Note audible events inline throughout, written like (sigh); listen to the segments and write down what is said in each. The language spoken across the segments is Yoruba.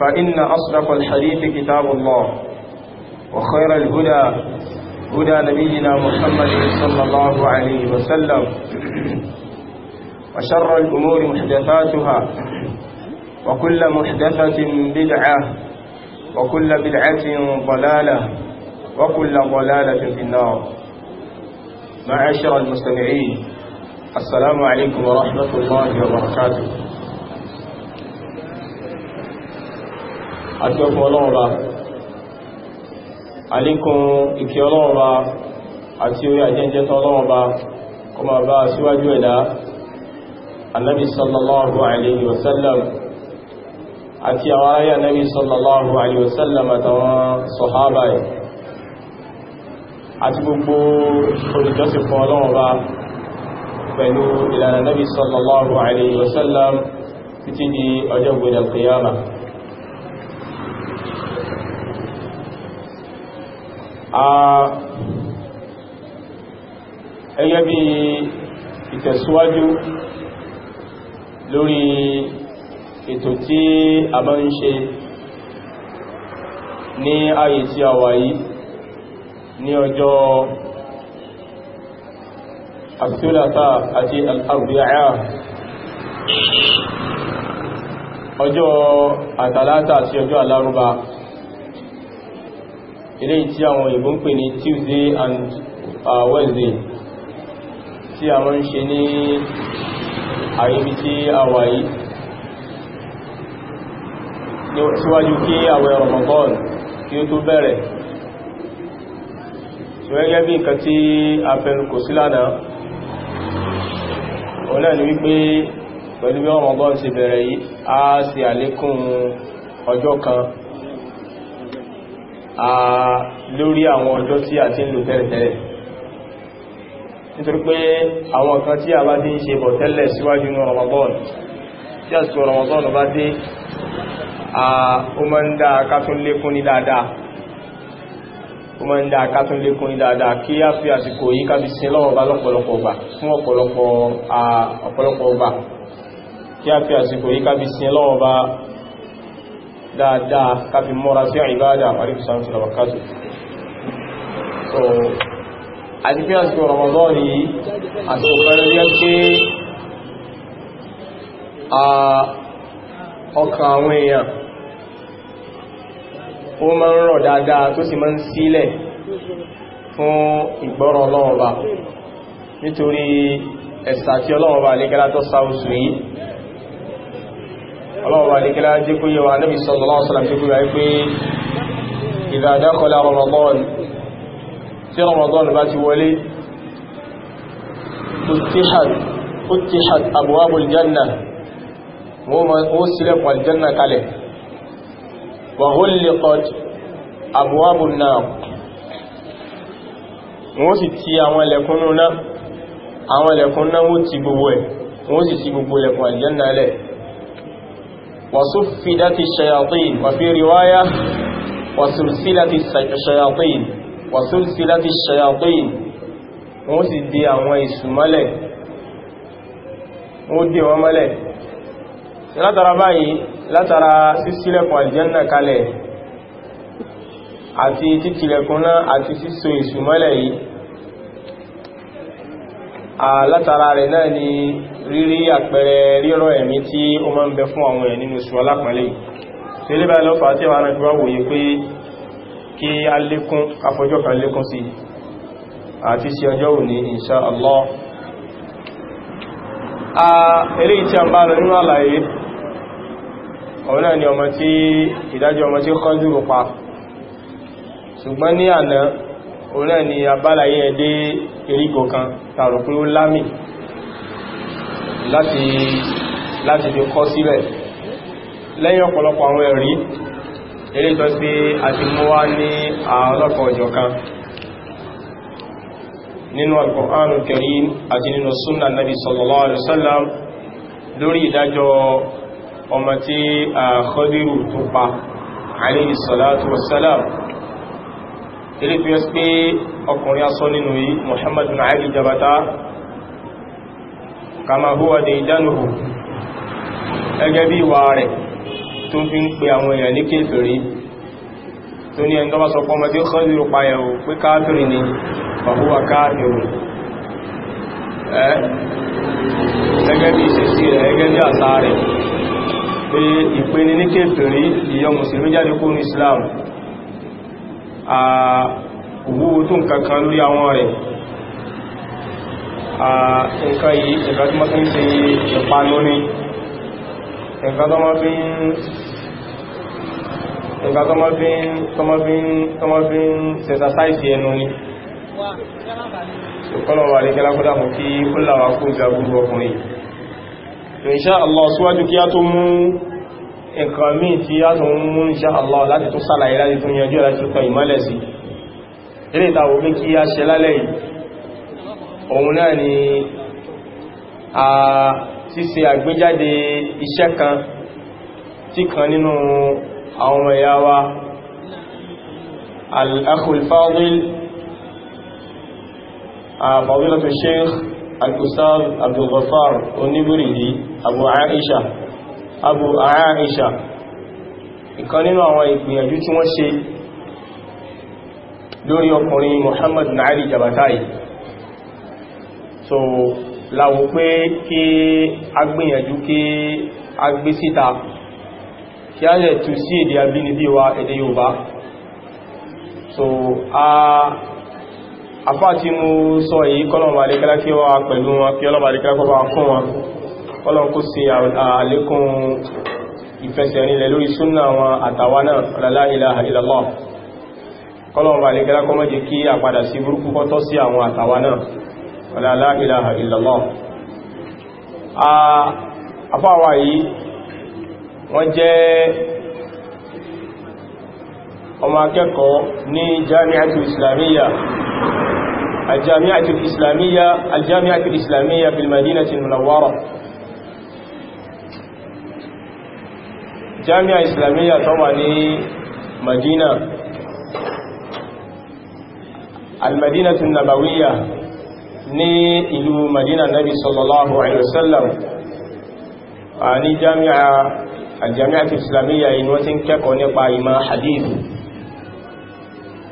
فإن أصدق الحديث كتاب الله وخير الهدى هدى نبينا محمد صلى الله عليه وسلم وشر الأمور محدثاتها وكل محدثة بدعة وكل بدعة ضلالة وكل ضلالة في النار معاشر المستمعين السلام عليكم ورحمة الله وبركاته àti ọkọ̀ ọlọ́run ba alékún ìkẹ́ ọlọ́run ba àti orí àjẹ́jẹ́ tọ́lọ́run ba kó máa bá síwájú ẹ̀dá annabi sallallahu alaihi wasallam àti àwọn ayé annabi sallallahu alaihi wasallam àtàwọn sọ̀hábà ẹ̀ àti gbogbo olùjọ́sìn fún ọlọ́run ba pẹ̀lú ìlànà nabi sallallahu alaihi wasallam títí di ọjọ́ gbẹ̀dẹ̀ qiyamah ẹgẹ́ bí ìtẹ̀síwájú lórí ètò tí a bá ń ṣe ní ayé tí a wà yìí ní ọjọ́ àfíòlàtà àti àgbìyà ọjọ́ àtàlátà àti ọjọ́ alárúbá ilé tí àwọn òyìnbó ń pè ní Tuesday and uh, Wednesday tí a mọ́ ń ṣe ní àyíbí tí a wà yìí síwájú kí àwẹ̀ Ramadan kí ó tó bẹ̀rẹ̀ ṣùgbẹ́gẹ́ bí nǹkan tí a fẹ́rù kò sí lánàá ọ̀nà ni wípé pẹ̀lú bí Ramadan ṣe bẹ̀rẹ̀ yìí a ṣe àlékún ọjọ́ kan lórí àwọn ọjọ́ tí a ti ń lò tẹ́lẹ̀tẹ́lẹ̀ nítorí pé àwọn kan tí a bá ti ṣe bọ̀ tẹ́lẹ̀ síwájú ní Ramadan tí a sọ Ramadan bá dé ó máa ń dá akátún lékún ní dáadáa ó máa ń dá akátún lékún ní dáadáa kí a fi àsìkò yí ká fi dáadáa káfí mọ́ra sí ìbádà àríkù sáńtì lọ́wọ́kátù so àti pé àsìkò Ramadan yìí àsìkò kan rí pé ọkàn àwọn èèyàn ó máa ń rọ̀ dáadáa tó sì máa ń sílẹ̀ fún ìgbọ́rọ̀ ọlọ́wọ́ba nítorí ẹ̀sà tí ọlọ́wọ́ba lẹ́gẹ́lá tó sáwọ́sù yìí ọlọ́wọ́ adékẹ́lá jẹ́ kó yẹ wa anábì sallallahu alaihi wasallam jẹ́ kó yẹ pé idha dakhala Ramadan tí Ramadan bá ti wọlé futihat abwabul janna wọ́n sílẹ̀kùn aljanna kalẹ̀ wa ghulliqat abwabun nar wọ́n sì ti àwọn ẹlẹ́kùn náà àwọn وصفدت الشياطين وفي رواية وسلسلة الشياطين وسلسلة الشياطين wọ́n sì di àwọn èṣù mọ́lẹ̀ wọ́n dè wọ́n mọ́lẹ̀ látara báyìí látara sísílẹ̀kùn àlìjẹ́nà kalẹ̀ àti títìlẹ̀kùn náà àti síso èṣù mọ́lẹ̀ yìí látara rẹ̀ náà ni rírí àpẹẹrẹ rírọ̀ ẹ̀mí tí ó máa ń bẹ fún àwọn ẹ̀ nínú oṣù alápàálẹ̀ tí ilé báyìí lọ́fà tí àwọn arìnrìn wáwòye pé kí a lékún afọjọ́ kan lékún sí àti sí ọjọ́ òní insha Allah a eré tí a ni ọmọ tí ìdájọ́ ọmọ tí kọ́ dúró pa ṣùgbọ́n ní àná ọ̀rọ̀ náà ni abálayé ẹ̀dẹ́ lámì láti láti fi kọ́ síbẹ̀ lẹ́yìn ọ̀pọ̀lọpọ̀ àwọn ẹ̀rí eré tó sí àti mú wá ní àọlọ́pọ̀ ọjọ́ kan nínú Al-Qur'an Al-Karim àti nínú súnnà Nabi sallallahu alaihi wasallam lórí ìdájọ́ ọmọ tí a Khadiru tó pa alayhi salatu wassalam ilé tó yẹ pé ọkùnrin asọ́ nínú yìí Muhammadu Ali Jabata kama huwa daidanuhu ẹgẹ́ bí ìwà rẹ̀ tó fi ń pe àwọn èèyàn ní kéfèrí tó ní ẹni tó bá sọ pọ́ mọ́tí Khadiru payẹ̀wò pé káàkiri ni fahuwa káàkiri ẹgẹ́ bí ìṣesí rẹ̀ ẹgẹ́ bí àṣà Islam àwúwo tó nǹkan kan rẹ̀ nǹkan yìí ẹ̀gbẹ́ tó mọ́ fi ń ṣe ìpa lóní ẹ̀gbẹ́ tó mọ́ fi ń ẹ̀gbẹ́ tó mọ́ fi ń tó mọ́ fi ń sẹ̀sàsáìsì ẹnu ni ṣùkọ́lọ̀wà ní kẹ́lákúdà mọ̀ kí kúláwà kú ga gbogbo ọkùnrin tó insha Allah síwájú kí a tó mú nǹkan míì tí a tó mú insha Allah láti tó sálàyé láti tó yanjú láti tó ìmọ́lẹ̀ sí ilé ìtàwò pé kí a ṣe lálẹ́ yìí òun náà ni a ṣíṣe àgbéjáde iṣẹ́ kan tí kan nínú àwọn ẹ̀yà wa al-akhul fadil fadilatu sheikh al-ustaz abdul ghaffar oníbìrìdì abu aisha abu aisha ìkan nínú àwọn ìgbìyànjú tí wọ́n ṣe lórí ọkùnrin muhammadu na'ari jabatai so láwo pé kí a gbìyànjú kí a gbé síta kí a lè tù sí èdè wa èdè Yorùbá so a afá mú sọ yìí kọlọ̀mà alékẹ́lá kí wá pẹ̀lú wọn kí ọlọ́mà alékẹ́lá kọ́ bá kún wọn kọlọ̀n kó sí àlékún ìfẹsẹ̀ nílẹ̀ lórí súnnà wọn àtàwà náà la ilaha kọ́ mọ́ jẹ́ kí àpadà sí burúkú wala la ilaha illallah àfáwà yìí wọ́n jẹ́ ọmọ akẹ́kọ̀ọ́ ní jami'atul islamiyya aljami'atul islamiyya aljami'atul islamiyya bil madinatil munawwara jami'a islamiyya tó wà ní madina almadinatul nabawiyya ní ìlú Madina Nabi sallallahu alaihi wasallam a ní jami'a aljami'a islamiyya inú wọ́n ti ń kẹ́kọ̀ọ́ nípa ìmọ̀ hadith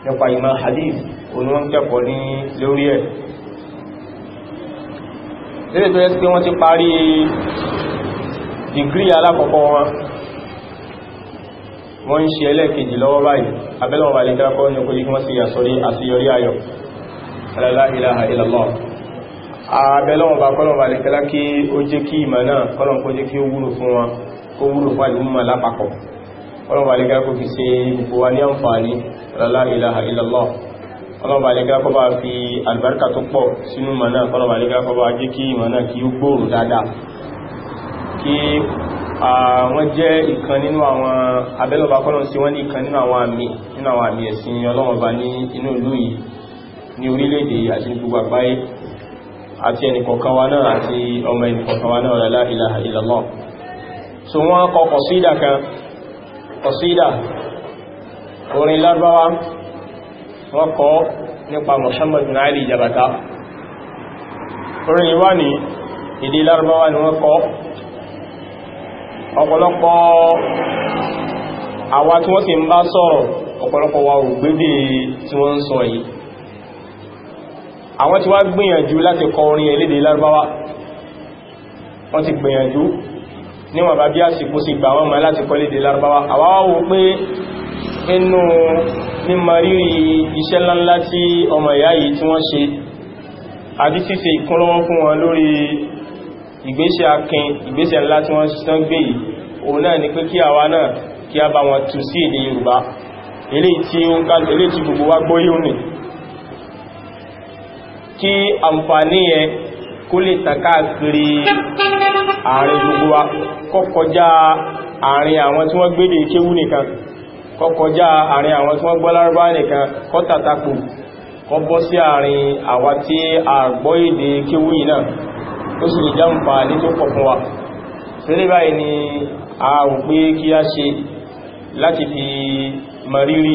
nípa ìmọ̀ hadith òun wọ́n kẹ́kọ̀ọ́ ní lórí ẹ̀ lórí tó yẹ pé wọ́n ti parí dìgírí alákọ̀ọ́kọ́ wọn wọ́n ń ṣe ẹlẹ́ẹ̀kejì lọ́wọ́ báyìí abẹ́lọ́wọ́ alẹ́gbẹ́kọ́ ní okòlì wọ́n sì yà sọ́rí àṣeyọrí ayọ̀ la ilaha illallah àbẹ̀lọ́wọ̀n bá kọ́lọ̀ balẹ̀ kẹ́lá kí ó jẹ́ kí ìmọ̀ náà kọ́lọ̀ kó jẹ́ kí ó wúlò fún wọn kó wúlò fún àdúgbùmọ̀ lápapọ̀ kọ́lọ̀ balẹ̀ kẹ́lá kó fi ṣe gbogbo wa ní àǹfààní la ilaha illallah kọ́lọ̀ balẹ̀ kẹ́lá kó bá fi àlùbáríkà tó pọ̀ sínú ìmọ̀ náà kọ́lọ̀ balẹ̀ kẹ́lá kó bá jẹ́ kí ìmọ̀ náà kí ó gbòòrò dáadáa kí àwọn jẹ́ ìkan nínú àwọn abẹ́lọ́bà kọ́lọ̀ sí wọ́n ní ìkan nínú àwọn àmì nínú àwọn àmì ẹ̀sìn àti ẹnìkọ̀ọ̀kan wa náà àti ọmọ ẹnìkọ̀ọ̀kan wa náà la ilaha illallah so wọ́n kọ kọ̀sídà kan kọ̀sídà orin lárúbáwá wọ́n kọ nípa Muhammad bin Ali Jabata orin ìwá ní èdè lárúbáwá ni wọ́n àwọn ti wá gbìyànjú láti kọ orin elédè lárúbáwá wọ́n ti gbìyànjú níwọ̀n bá bí àsìkò sí gbà wọ́n ma láti kọ elédè lárúbáwá àwáwọ́ pé inú mímọ rírí iṣẹ́ ńláńlá tí ọmọ ìyá yìí tí wọ́n ṣe àti fífi ìkúnlọ́wọ́ fún wọn lórí ìgbésẹ̀ akin ìgbésẹ̀ ńlá tí wọ́n tán gbé yìí òun náà ni pé kí àwa náà kí a gbogbo wa gbóyún nìí kí àǹfààní yẹn kó lè tàn káàkiri àárín gbogbo wa kọkọjá àárín àwọn tí wọ́n gbédè kéwú nìkan kọkọjá àárín àwọn tí wọ́n gbọ́ lárúbá nìkan kọ́ tàtàkù kọ bọ́ sí àárín àwa tí a gbọ́ èdè kéwú yìí náà ó sì lè jáǹfà ní tó pọ̀ fún wa a rò pé kí a ṣe láti fi mọ̀rírì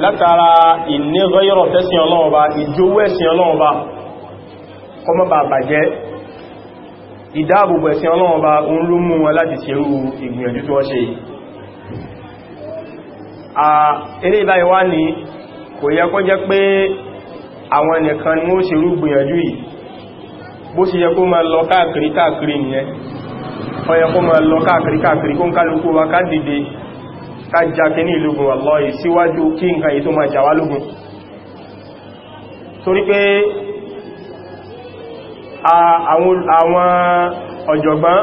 látara ìnírọ́yọ́rọ̀ tẹ́sìn ọlọ́ọ̀ba ìjówó ẹ̀sìn ọlọ́ọ̀ba kọmọ bá bàjẹ́ ìdáàbòbò ẹ̀sìn ọlọ́ọ̀ba oun ló mú wọn láti ṣerú ìgbìyànjú tó ṣe à eré ìbáyìí wá ní kò yẹ kó jẹ́ pé àwọn nìkan ni ó ṣerú ìgbìyànjú yìí bó ṣe yẹ kó máa lọ káàkiri káàkiri nìyẹn ó kó máa lọ káàkiri káàkiri kó ń kálukú wa ká dìde kájàkí ní ìlúgun wallahi síwájú kí nǹkan yìí tó máa jàwá lógun torí pé àwọn ọ̀jọ̀gbọ́n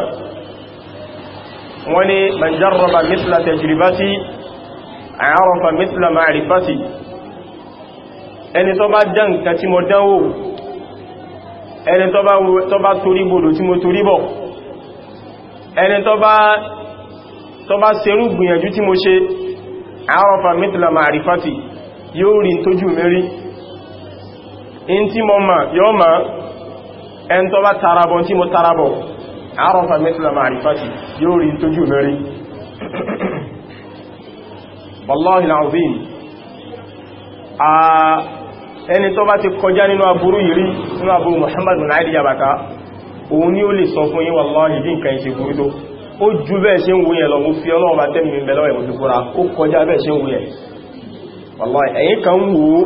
wọ́n ní man jarraba mithla tajribati arafa mithla ma'rifati ẹni tó bá dán nǹkan tí mo dánwò ẹni tó bá torí gbòdò tí mo torí bọ̀ ẹni tó bá tó bá serú gbìyànjú tí mo ṣe àárọ̀fà mítìlà màrífàtì yóò rí tójú mérí in tí mo ma yóò ma ẹn tó bá tarabọ̀ tí mo tarabọ̀ àárọ̀fà mítìlà màrífàtì yóò rí tójú mérí (clears throat) wallahi alazim ẹni tó bá ti kọjá nínú aburú yìí rí nínú aburú muhammadu náà òun ni ó lè sọ fún yín wallahi bí nǹkan ìṣe burú ó ju bẹ́ẹ̀ ṣe ń wòye lọ mo fi ọlọ́run bá tẹ́mì mi bẹ̀lọ́wẹ̀ mo fi fúra ó kọjá bẹ́ẹ̀ ṣe ń wòye wallahi ẹ̀yìn kan wò ó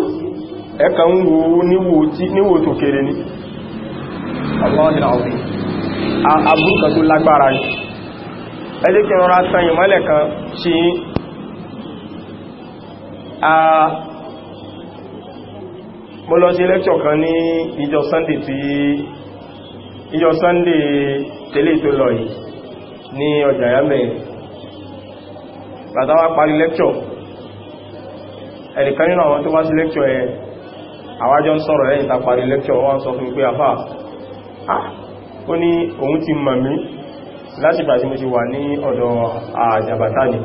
ẹ̀kan wò ó níwò tó kéré ní abúrúkà tó lágbára ní ẹjẹ́ kí rọra a mo lọ sí lẹ́kṣọ̀ kan ní ìjọ ìjọ sunday tẹ́lẹ̀ tó lọ yìí ní ọjà mee. bàtà wá parí lẹ́kṣọ̀ ẹnìkan nínú àwọn tó wá sí lẹ́kṣọ̀ ẹ àwájọ ń sọ̀rọ̀ ta parí lẹ́kṣọ̀ wọ́n sọ fún pé àfà ó ní òun ti mọ̀ mí láti bà mo ti wà ní ọ̀dọ̀ àjàbàtà ni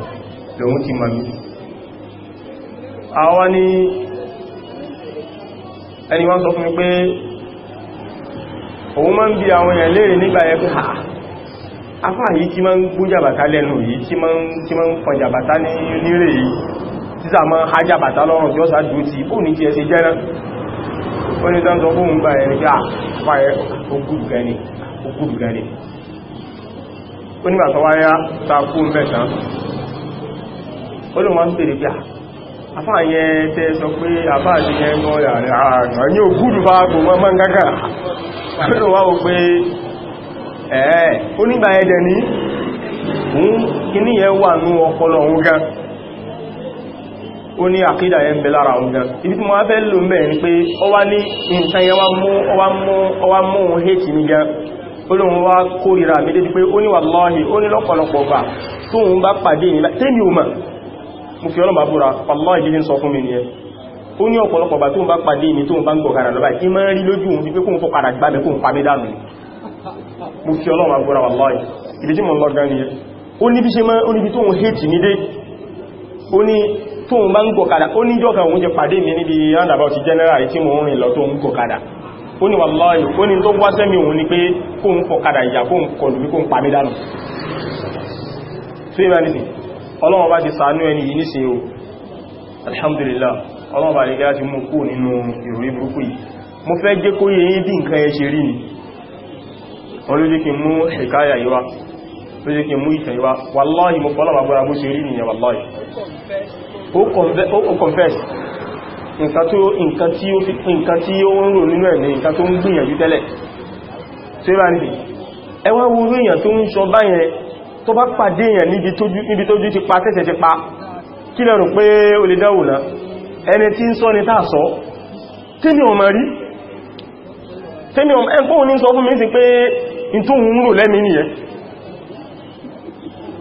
afá yìí tí ma ń gbó jàbàtà lẹ́nu yìí tí ma ń fọn jàbàtà ní nírè yìí títà ma ha jàbàtà lọ́rùn tí ó sá dúó ti bóò ní ti ẹsẹ jẹ́rán wọ́n ni tán sọ fún ìgbà ẹni pé àpá ẹ ogúdù gani ó nígbà tó wáyá ta kú ń bẹ̀tán ó lè wọ́n bèèrè pé afá yẹ tẹ́ sọ pé afá ẹ̀ẹ́ onígbà ẹ̀dẹ̀ ní kíní yẹn wà ní ọpọlọ òun gan ó ní àkídà yẹn bẹ lára òun gan ibi tí mo wá fẹ́ lò mẹ́ ní pé ọ wá ní nǹkan yẹn wá mú òun hétì ní gan olóhun wá kórìíra mi débi pé ó ní wàláhì ó ní lọ́pọ̀lọpọ̀ gbà tóhun bá pàdé ìlà tẹ́mi ò mọ̀ mo fi ọlọ́mà búra i ń sọ fún mi ó ní ọ̀pọ̀lọpọ̀ bá pàdé ìní mo fi ọlọ́run agbóra wà láì ibi tí mo lọ gan nìyẹn ó ní bí ṣe máa ó níbi tóun hate mi dé ó ní tóun bá ń gọ̀kadà ó ní jọ́ka òun jẹ pàdé mi níbi roundabout general tí mo ń rìn lọ tóun gọ̀kadà ó ní wàláì ó ní tó wá sẹ́mi òun ni pé kóun kọ̀kadà ìyà kóun kọlù bí kóun pa mí dànù tó yíra nìsìn ọlọ́run alhamdulillah ọlọ́run bá lè gá ti mú kú nínú mo fẹ́ jẹ́ kó yẹ yín bí nǹkan ẹ ṣe rí ni wọ́n ló jẹ́ kí mú hikaya yíwá ló jẹ́ kí mú ìtàn yíwá wallahi mo fọ́lọ́wà gbọ́ra bó ṣe rí nìyàn wallahi ó confess nǹkan tí ó ń rò nínú ẹ̀ ní nǹkan tó ń gbìyànjú tẹ́lẹ̀ tó bá níbi ẹwà wúrú èèyàn tó ń sọ báyẹn tó bá pàdé èèyàn níbi tójú ti pa tẹ́sẹ̀ ti pa kí lẹ́rù pé o lè dáwò náà ẹni tí ń sọ ni táà sọ tí ni ọmọ rí tí ni ọmọ ẹgbọ́n ní sọ fún mi sí pé in tó ń rò lẹ́mí nìyẹn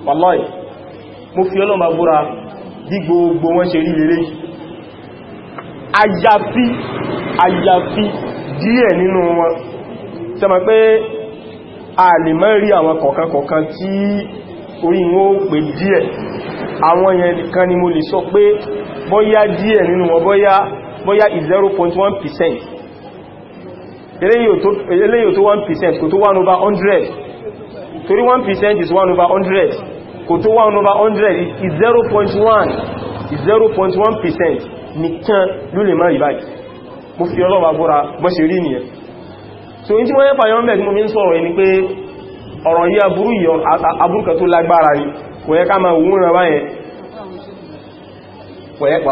wallahi mo fi ọlọ́mà búra bí gbogbo wọn ṣe rí lèrè àyàfi àyàfi díẹ̀ nínú wọn sẹ́mọ̀ pé a lè mọ́ rí àwọn kọ̀ọ̀kan kọ̀ọ̀kan tí orí wọn ó pè díẹ̀ àwọn yẹn kan ni mo lè sọ pé bọ́yá díẹ̀ nínú wọn bọ́yá 0.1% eléyìí tó 1% kò tó 1 over 100 torí 1% is 1 over 100 kò tó 1 over 100 is 0.1 is 0.1% nìkan ló lè máa ìbáyìí mo fi ọlọ́wà búra bọ́ ṣe rí nìyẹn so in tí wọ́n yẹ́pà yọ́n mẹ́rin mo mi ń sọ̀rọ̀ ẹni pé ọ̀rọ̀ yí aburú yọ abúrúkẹ tó lágbára ni kò yẹ ká máa wúran báyẹn wọ́n yẹ́pà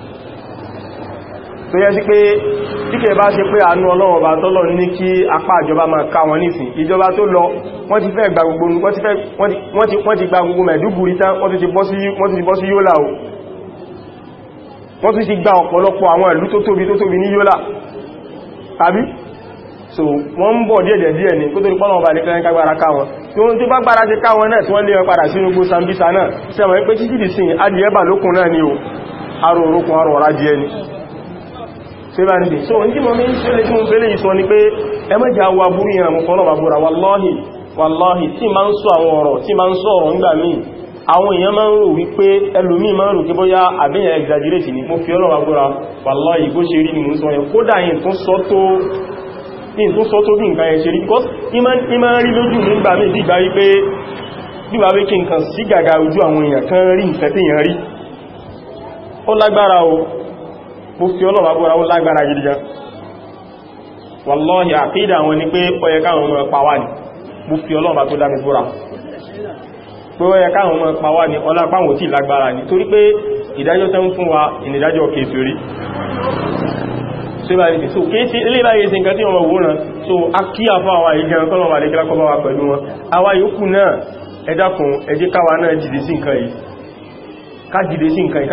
tó yẹ sí pé kíkẹ́ bá ṣe pé àánú ọlọ́run ọba tọ́lọ ní kí apá ìjọba máa ká wọn nísìn ìjọba tó lọ wọ́n ti fẹ́ gba gbogbo wọ́n ti gba gbogbo tán wọ́n ti Yola o wọ́n ti gba ọ̀pọ̀lọpọ̀ àwọn ìlú tó tóbi tó tóbi ní Yola tàbí so wọ́n ń bọ̀ díẹ̀dẹ̀ díẹ̀ ní kó tó rí pọ́nà ọba nìkan ní kágbára káwọn tí wọ́n tí bá gbára jẹ káwọn náà tí wọ́n lè padà sínú gbó Sambisa náà sẹ́wọ̀n pé títí dìsìn adìyẹ́bà lókun náà ni o arò orókun arò ọ̀rá díẹ̀ ni síbáǹdì so ní mọ́ mi sílẹ̀ tí mo fẹ́lẹ̀ ìsọ ni pé ẹmẹ́jà wa búrú ìrìnàmù fọ́nà bàbúra wallahi wallahi tí ma ń sọ àwọn ọ̀rọ̀ tí ma ń sọ ọ̀rọ̀ ńgbà míì àwọn èèyàn máa ń rò wípé ẹlòmí máa ń rò kí bóyá àbíyàn exaggerate ní mo fi ọlọ́wà gbọ́ra wallahi bó ṣe rí ni mo ń sọ yẹn kódà yìí tún sọ tó bí nǹkan yẹn ṣe rí because ìmá ń rí lójú nígbà mí dìgbà wípé bíwà wí kí nǹkan sí gàgà ojú àwọn èèyàn kan rí nǹkan tí èèyàn rí ó lágbára o mo fi ọlọ́wà búra ó lágbára gidi gan wallahi àkídà wọn ni pé ó yẹ káwọn ọmọ ẹpa wà ní mo fi ọlọ́wà tó dámi búra pé ó yẹ káwọn ọmọ ẹpa wà ní ọlápáwọn tí lágbára ní torí pé ìdájọ́ tẹ́ ń fún wa ìnìdájọ́ kèfèrí so kéèsì iléláyé sí nǹkan tí wọ́n wòrán so a kí àfá àwà ìgbẹ̀rún tọ́lọ̀wà lè kílákọ́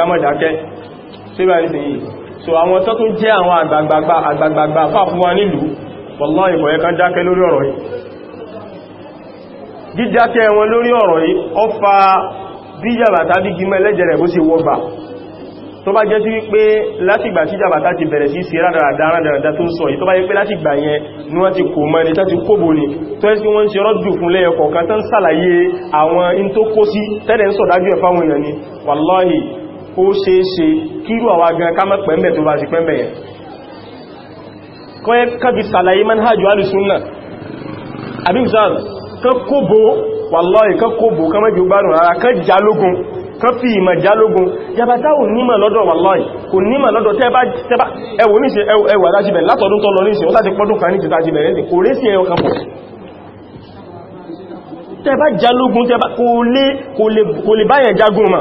bá wa sí yìí so àwọn tó tún jẹ́ àwọn àgbàgbàgbà fàfún wa nílùú wọ́lá ìkọ̀ ẹ̀kan dákẹ́ lórí ọ̀rọ̀ yìí dídákẹ́ wọn lórí ọ̀rọ̀ yìí ó fa bí jàbàtà bí gímẹ̀ lẹ́jẹ̀rẹ̀ bó ṣe wọ́bà tó bá jẹ́ sí wípé látìgbà tí jàbàtà ti bẹ̀rẹ̀ sí ṣe rádaràdà tó ń sọ yìí tó bá jẹ́ pé látìgbà yẹn ní wọ́n ti kò mọ́ ẹni tó ti kóbò ní tó ẹ́ sí wọ́n ń ṣe rọ́dù fún lẹ́yọ kọ̀ọ̀kan tó ń sàlàyé àwọn in tó kó sí tẹ́lẹ̀ ń sọ̀dájú ẹ̀fáwọn èèyàn ni wàláhì ó ṣeéṣe kírù àwa gan ká mọ́ pẹ̀mẹ̀ tó bá sí pẹ̀mẹ̀ yẹn kọ́yẹ́ kábi sàlàyé manhajjú alìsúnnà àbímsáàl kan kóbo wàlọ́ì kan kóbo kan mẹ́jì gbárùn ara kan jálógún kan fi ìmọ̀ jálógún yàbátá ò nímọ̀ lọ́dọ̀ wàlọ́ì kò nímọ̀ lọ́dọ̀ tẹ́bá ẹwò níṣẹ́ ẹwà adájíbẹ̀ látọ̀dún tọ́lọ níṣẹ́ ó láti pọ́dún kan ní ti tàjíbẹ̀ rẹ̀ kò rí sí ẹyọ kan pọ̀ tẹ́bá jálógún tẹ́bá kò lè báyẹ̀ jágún mà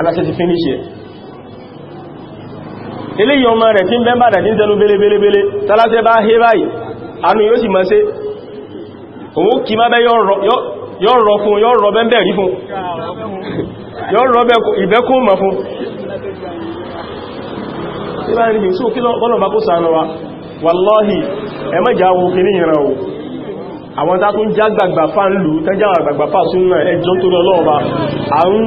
aláṣẹ ti finish it. ẹ̀ eléyìí ọmọ rẹ̀ tí ń bẹ́m̀bà dà tí ń tẹnu belebelebele tàláṣẹ bá hé báyìí anú yóò sì mọ́ sí òun kì má bẹ́ yọ́ rọ fún yọ́ rọ bẹ́m̀bẹ̀ rí fún yọ́ rọ ìbẹ́kún mọ̀ fún wàláhì ẹmẹ́jà wo kìí ìran o àwọn tá tún jágbàgbà fáà ń lù tẹ́jà àgbàgbà fáà súnmọ̀ ẹjọ́ tó lọ́wọ́ bá àrùn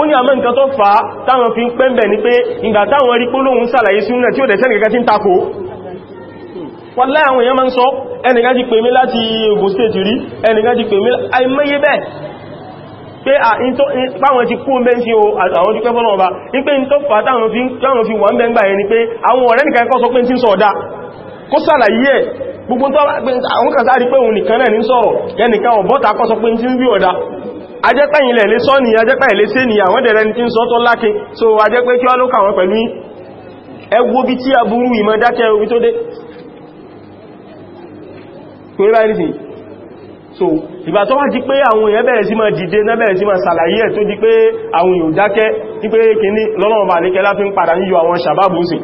ó ní àmọ́ nǹkan tó fà á táwọn fi ń pẹ́m̀bẹ̀ ní pé ìgbà táwọn rí pólóhun sàlàyé súnà tí ó dẹ̀ sẹ́nìkẹ́kẹ́ tí ń takò wọ́lá àwọn èèyàn máa ń sọ ẹnìkan ti pè mí láti Ògùn state rí ẹnìkan ti pè mí àìmọye bẹ́ẹ̀ pé àwọn ti kú mẹ́ sí àwọn ojú pẹ́fọ́nà ọba ní pé ní tó fà táwọn fi wà bẹ́ ń gbà ẹni pé àwọn ọ̀rẹ́ nìkan kọ́ sọ pé tí ń sọ kó sàlàyé ẹ̀ gbogbo àwọn ajẹ́pẹ̀yìnlẹ̀ lè sọ́ ni ajẹ́pẹ̀yìnlẹ̀ sí ni àwọn dẹ̀rẹ́ tí ń sọ tó lákin so ajẹ́pẹ́ kí wá ló kàwọn pẹ̀lú ẹgbó bí tí aburú ìmọ̀ dákẹ́ orí tó dé so ìgbà tó wá di pé àwọn èèyàn bẹ̀rẹ̀ sí máa dìde náà bẹ̀rẹ̀ sí máa sàlàyé ẹ̀ tó di pé àwọn èèyàn dákẹ́ ní pé kìíní lọ́nà bá ní kẹlá fi ń padà yíyọ àwọn sàbábù sí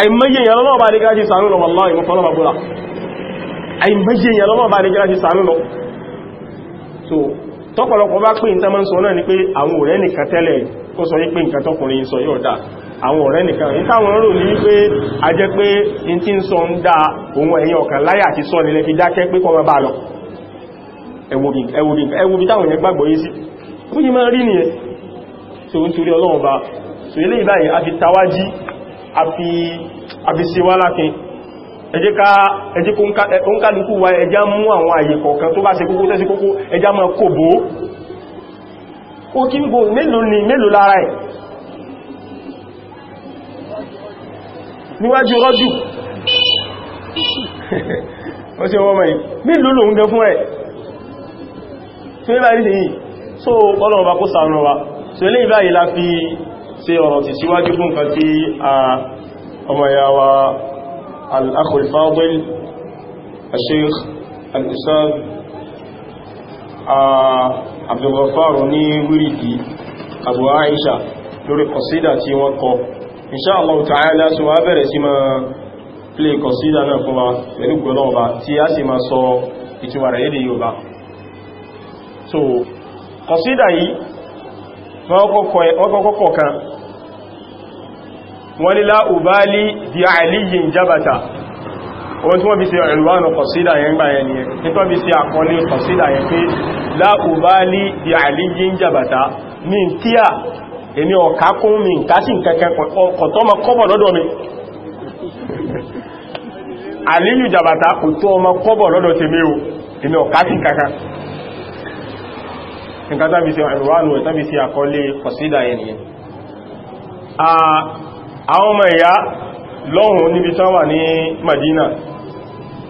àìmọ́yé èèyàn lọ́nà bá ní kẹlá ti sàánú lọ wọ́lá ìmọ̀fọ́lọ́mà tọ́pọ̀lọpọ̀ bá pín ma ń sọ náà ni pé àwọn ọ̀rẹ́ nìkan tẹ́lẹ̀ ó sọ wípé nǹkan tọ́kùnrin sọ yóò dáa àwọn ọ̀rẹ́ nìkan ní táwọn rò ní wípé a jẹ́ pé in tí ń sọ ń dá ohun ẹ̀yìn ọ̀kan láyà ti sọ nílẹ̀ fi dákẹ́ pé kọmọ so a ẹjẹ́ kóńkàlùkù wa ẹjá mú àwọn àyè kọ̀ọ̀kan tó bá se kókó tẹ́sí kókó ẹjá mọ́ kò bó ó kí ń bò mélòó ni mélòó lára ẹ̀ níwájú rọ́jù (laughs) ó sì wọ́n mẹ́rin mélòó lòun gẹ fún ẹ̀ tí ó bá rí la fi ṣe ọ̀rọ̀ ti síwájú fún nǹkan tí ọmọ ìyá wa الأخ الفاضل الشيخ الأستاذ عبد الغفار ني وريدي أبو عائشة lórí kọ̀sídà tí wọ́n kọ. Insha Allah ta'ala sọ wá bẹ̀rẹ̀ sí máa plé kọ̀sídà náà fún wa pẹ̀lú gbọ́nà ọba tí a sì máa sọ ìtumà rẹ̀ èdè Yorùbá. So, kọ̀sídà yìí, wọ́n kọ́kọ́ kan wọ́n ni láùbálí di àìlíyìn jábàtà wọ́n tí wọ́n bí ṣe ìrùwánù kọ̀sídà yẹn gbà yẹn yẹn tí wọ́n bí ṣe àkọlé kọ̀sídà yẹn pé láùbálí di àìlíyìn jábàtà ní kíà èmi ọ̀kákún mi kásí kẹ́kẹ́ kọ̀tọ́mọ kọ́bọ̀ lọ́dọ̀ mi àlíyù jàbàtà kò tó ọmọ kọ́bọ̀ lọ́dọ̀ tèmi o èmi ọ̀kásí kẹ́kẹ́ nǹkan tábí sí ìrùwánù tábí sí àkọlé kọ̀sídà yẹn àwọn ọmọ ìyá lọ́hùn níbi tán wà ní Madina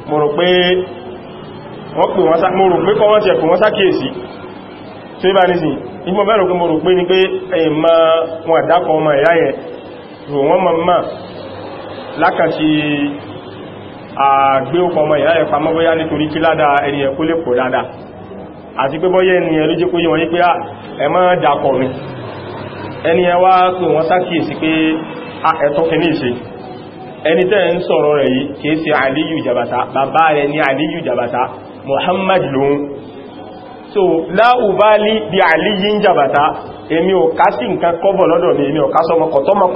mo rò pé kọ́ wọ́n ti ẹ̀kùn wọ́n sákèèsí tó bá ní sí ìgbọ́n bẹ́rù pé mo rò pé ní pé ẹ̀mà wọn àdákọ̀ ọmọ ìyá yẹn rò wọ́n mọ̀ mọ̀ lákàtí àgbé ọmọ ìyá yẹn ha kìíní ṣe ẹni tẹ́ ń sọ̀rọ̀ rẹ̀ yìí kìí si Aliyu Jabata bàbá rẹ̀ ní Aliyu Jabata Muhammad lòun so láùbálí bí Aliyin Jabata èmi ò ká sí nǹkan kọ́bọ̀ lọ́dọ̀ mi èmi ò ká sọmọ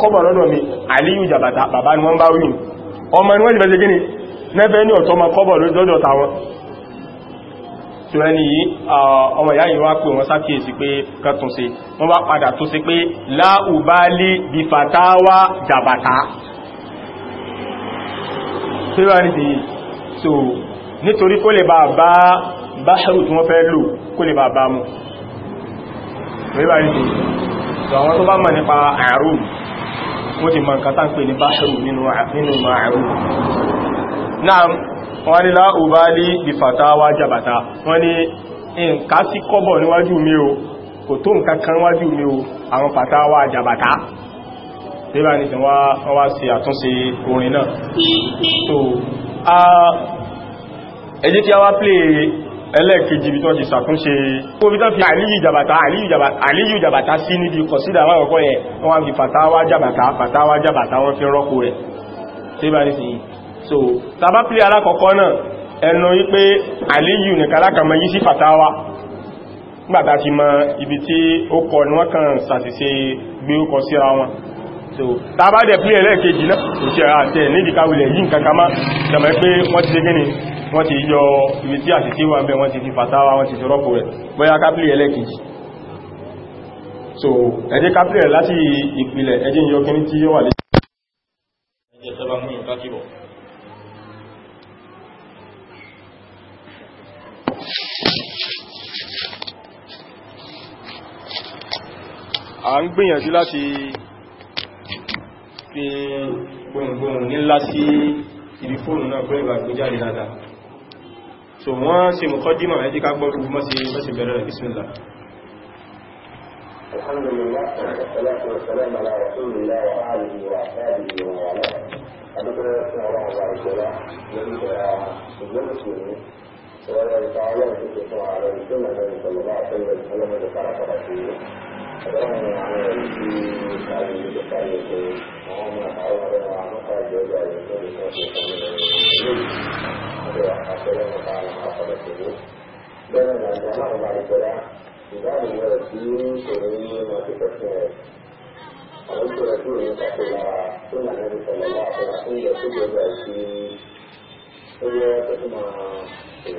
kọ́bọ̀ Aliyu Jabata bàbá ni wọ́n bá wí ọmọ nẹ́fẹ́ ní so ẹni yìí ọmọ ìyá yìí wá pè wọ́n sákèsí pé kẹtùn sí wọ́n bá padà tó sí pé láùbálí bí fàtàwà jàbàtà so nítorí kó lè bá bá báṣẹ́rù tí wọ́n fẹ́ lò kó lè bá bá mú àwọn tó bá wọ́n ti mọ̀ nǹkan tán pè ní báṣẹ́rù nínú àrùn náà wọ́n ní láàúbá lè bí fàtàwà jàbàtà wọ́n ní nǹkan sí kọ́bọ̀ níwájú mi o kò tó nǹkan kan níwájú mi o àwọn fàtàwà jàbàtà bíbá ní tí wọ́n wá sí àtúnṣe orin náà so ẹ a wá play ẹlẹ́ẹ̀kejì bí tó ti sàtúnṣe omi tó fi àlíyù jàbàtà àlíyù jàbàtà sí níbi kọ̀sídà àwọn ọ̀kọ́ yẹn wọ́n fi fàtàwà jàbàtà fàtàwà jàbàtà wọ́n tí bá ní sí so tàbá pílé alákọ̀ọ́kọ́ náà ẹnu wípé àléyù nìkan lákàmọ yí sí fàtàwà gbàtà ti mọ ibi tí ó kọ ní wọ́n kàn sàtìsẹ gbé ó kọ síra wọn so tàbá dẹ̀ pílé ẹlẹ́ẹ̀kejì náà kò ṣe àtẹ níbi káwilẹ̀ yí nǹkan kama tàbí pé wọ́n ti dégé ni wọ́n ti yọ ibi tí àṣìṣe wà bẹ́ wọ́n ti fi fàtàwà wọ́n ti fi rọ́pò rẹ̀ bóyá ká pílé ẹlẹ́ẹ̀kejì so ẹjẹ́ ká pílé láti ìpìlẹ̀ mú ìkákìbọ̀ a ń gbìyànjú láti fi gbohùngbohùn nílá sí ibi fóònù náà pé ìgbà tó jáde dáadáa so wọ́n ṣe muqaddimah ẹjí ká gbọ́ gbogbo mọ́sí mọ́sí bẹ̀rẹ̀ rẹ̀ bismillah alhamdulillah والصلاة والسلام على ومن تعالى في على السنة النبي صلى الله عليه وسلم ذكر فرسوله فلما عمل في هذه البقاية وما تعالى بما عمق جزاء النبي صلى الله عليه وسلم تعالى مع فرسوله بينما جمع بعد السلام إذا لم يرسلين كريم في تسمية أردت رسول يقول سنة النبي صلى الله عليه وسلم إن يسجد في ဒီလိုတော့ဒီမှာ Àwọn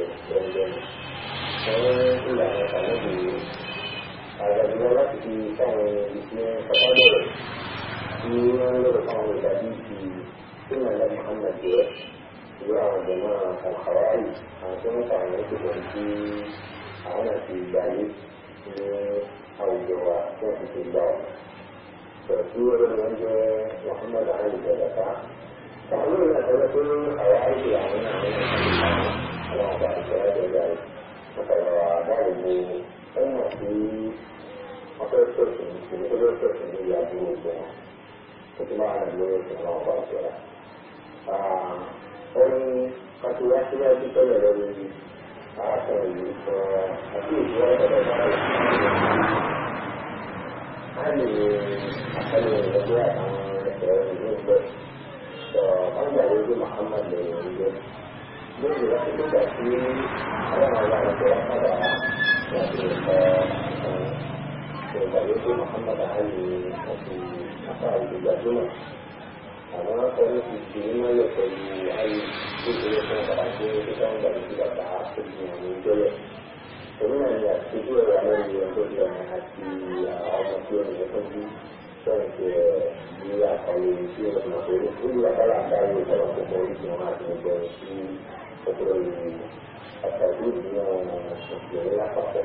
ìlànà àlejò àgbàdo láti fi sáwọn ìpínlẹ̀ pàtàkì tí wọ́n lọ́dọ̀ fáwọn ìdàbí ti sínú ẹ̀dá Muhammad jẹ́ ìwé àwọn ìjọba àkàwárì àwọn tó ń fa àwọn ìṣòro tí àwọn àti ìgbàlè ní àwùjọ wa tó ti ti gbà wọn. Pẹ̀lú ọlọ́dọ̀ wọn jẹ́ Muhammad àwọn ìjọba ká. Àwọn olùdásọ́lẹ̀ tó ní àwárí àwọn àwọn ìṣòro ọlọ́ọ̀bà ìṣẹ́lẹ̀ ìgbẹ̀rẹ̀ ọ̀pọ̀lọ̀ àdáyé ni ẹ̀yìn àti ọ̀fẹ́ sọ̀tún ìṣẹ̀lẹ̀ ọ̀fẹ́ sọ̀tún ní ìyá dúró ìṣẹ̀lẹ̀ tó ti máa rìn lórí ìṣẹ̀lẹ̀ ọ̀pọ̀ ìṣẹ̀lẹ̀. ẹni kàtúwá sílẹ̀ bí tẹ́lẹ̀ rẹ̀ lórí arákùnrin yìí sọ àti ìṣẹ́ ọ̀pọ̀lọ̀ láàyè àtàlẹ̀ ìrọ̀lẹ́ àwọn ẹ̀ṣẹ̀ ìlú ìgbẹ́ sọ ọgbà ìwé Muhammad lè rí bẹ́ẹ̀ lórí ìwà tó gbà sí ọlọ́run ọba àgbẹ̀ àpàdà láti ẹ̀ka ìgbà yóò tó Muhammad Ali àti apá ìgbàgbọ́nà àwọn akọni ti fi mọ́lẹ̀ pẹ̀lú ayé tó kéré fún ọ̀gá tó tó bá ń gbà lójú bàbá àkójọ àwọn ìjọlẹ̀ òun náà ni àtijọ́ ẹ̀rọ àwọn ènìyàn tó di ọ̀nà àti àwọn ọmọ tí ó nìyẹn tó bí sọ̀rọ̀ tẹ̀ ní àkàwé tí ó lọ́nà pẹ̀lú ó yí àkàrà àdáyé ìjọba tó kọ orí ìjọba àti ìjọba sí cho tôi ở thời điểm sebelumnya apa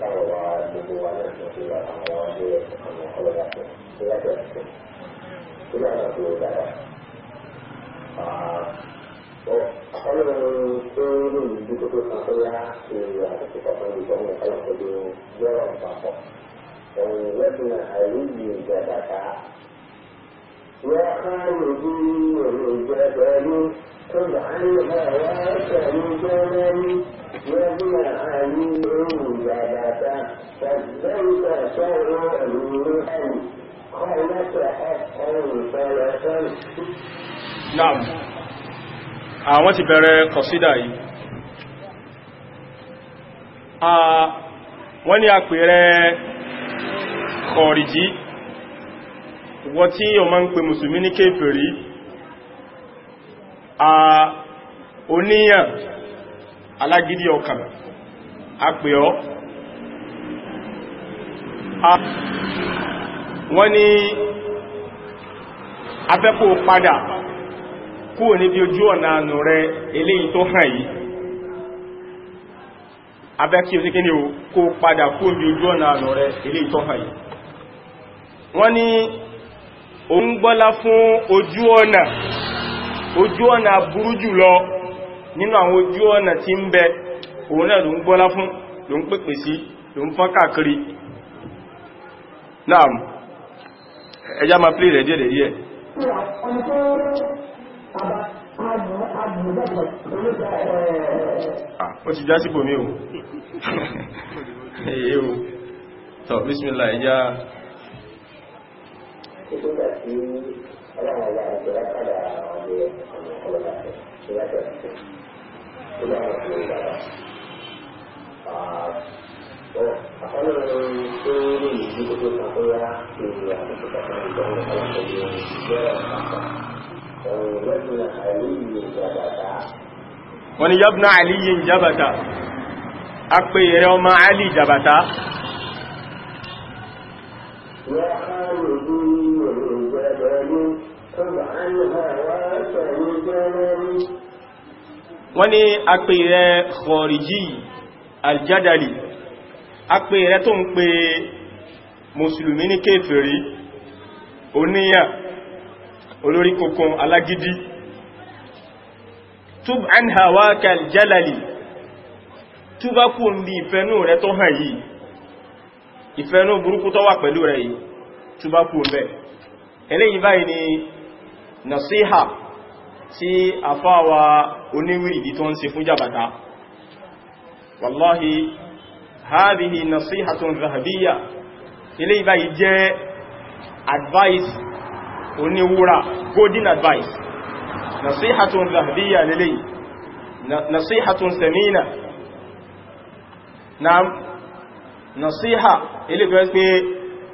bahwa dukungan dan juga bahwa dia kolaborasi kolaborasi sudah ada juga ah oh kalau itu itu itu saya sudah kita perlu tahu kalau itu jalan apa dan lebih hari di Jakarta Ya khairul di Jakarta اجعلها واسع جنبي وهي علي لك فالبيت شرعا خلت حقا فلسا نعم àwọn ti bẹ̀rẹ̀ kọ̀sídà yìí ah, wọ́n ní àpẹẹrẹ kọ̀rìjí wọ́n tí yíò máa ń pè mùsùlùmí ní kéfèrí oníyàn alágídí ọkàn a pè ọ́ wọ́n ni afẹ́kò padà kúrò níbi ojú ọ̀nà ànà rẹ eléyìn tó hàn yìí abẹ́kí oníkí ni kó padà kúrò níbi ojú ọ̀nà ànà rẹ eléyìn tó hàn yìí wọ́n ní òun gbọ́lá fún ojú ọ̀nà ojú ọ̀nà aburú jùlọ nínú àwọn ojú ọ̀nà tí ń bẹ òun náà ló ń gbọ́lá fún ló ń pèpè sí ló ń fọ́n káàkiri náà ẹjá máa plé rẹ̀ díẹ̀ rẹ̀ díẹ̀ ah, ó ti já sípò mí o èyí (laughs) o tọ̀ bísmìlá ẹjá لا لا إذا قال إذا wọ́n ni yọ́bùnà àlìyìn jabata a pè rẹ ọmọ alì jabata wọ́n tọ́lá àánúhà wá sọ̀rọ̀ jẹ́rẹ́rí wọ́n ní apè rẹ̀ kọ̀rìjì aljádàlì apè rẹ̀ tó ń pe mùsùlùmí ní kéfèrí oníyà olórí kokon alágídí tub an hawa kaljalali túbákù ń bí ìfẹ́nú rẹ̀ tó hàn yìí ìfẹ́nú burúkú tó wà pẹ̀lú rẹ̀ yìí túbákù ń bẹ̀ eléyìí báyìí nasiha tí àfáwà oníwìrìdì tó ń ṣe fún jàbàtà wallahi hadhihi nasihatun zahabiyya ilé ìbáyìí jẹ́ advice oníwúra golden advice nasihatun zahabiyya lélé nasihatun samina na nasiha ilé ìbáyìí pé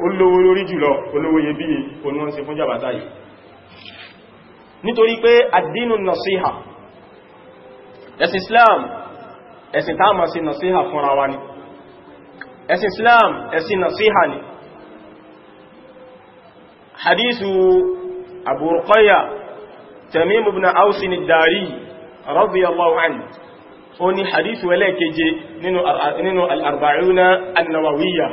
olówó lórí jùlọ olówó yebíye oníwọ́n ṣe fún jàbàtà yìí nítorí pé àdínú nàṣíhà ẹ̀sìn Islam ẹ̀sìn táàmà sí nàṣíhà fúnra wa ni ẹ̀sìn Islam ẹ̀sìn nàṣíhà ni hadithu Abu Ruqayya Tamim ibn Aus ad-Dari radiyallahu anhu ó ní hadithu ẹlẹ́keje nínú al-arba'una an-nawawiyya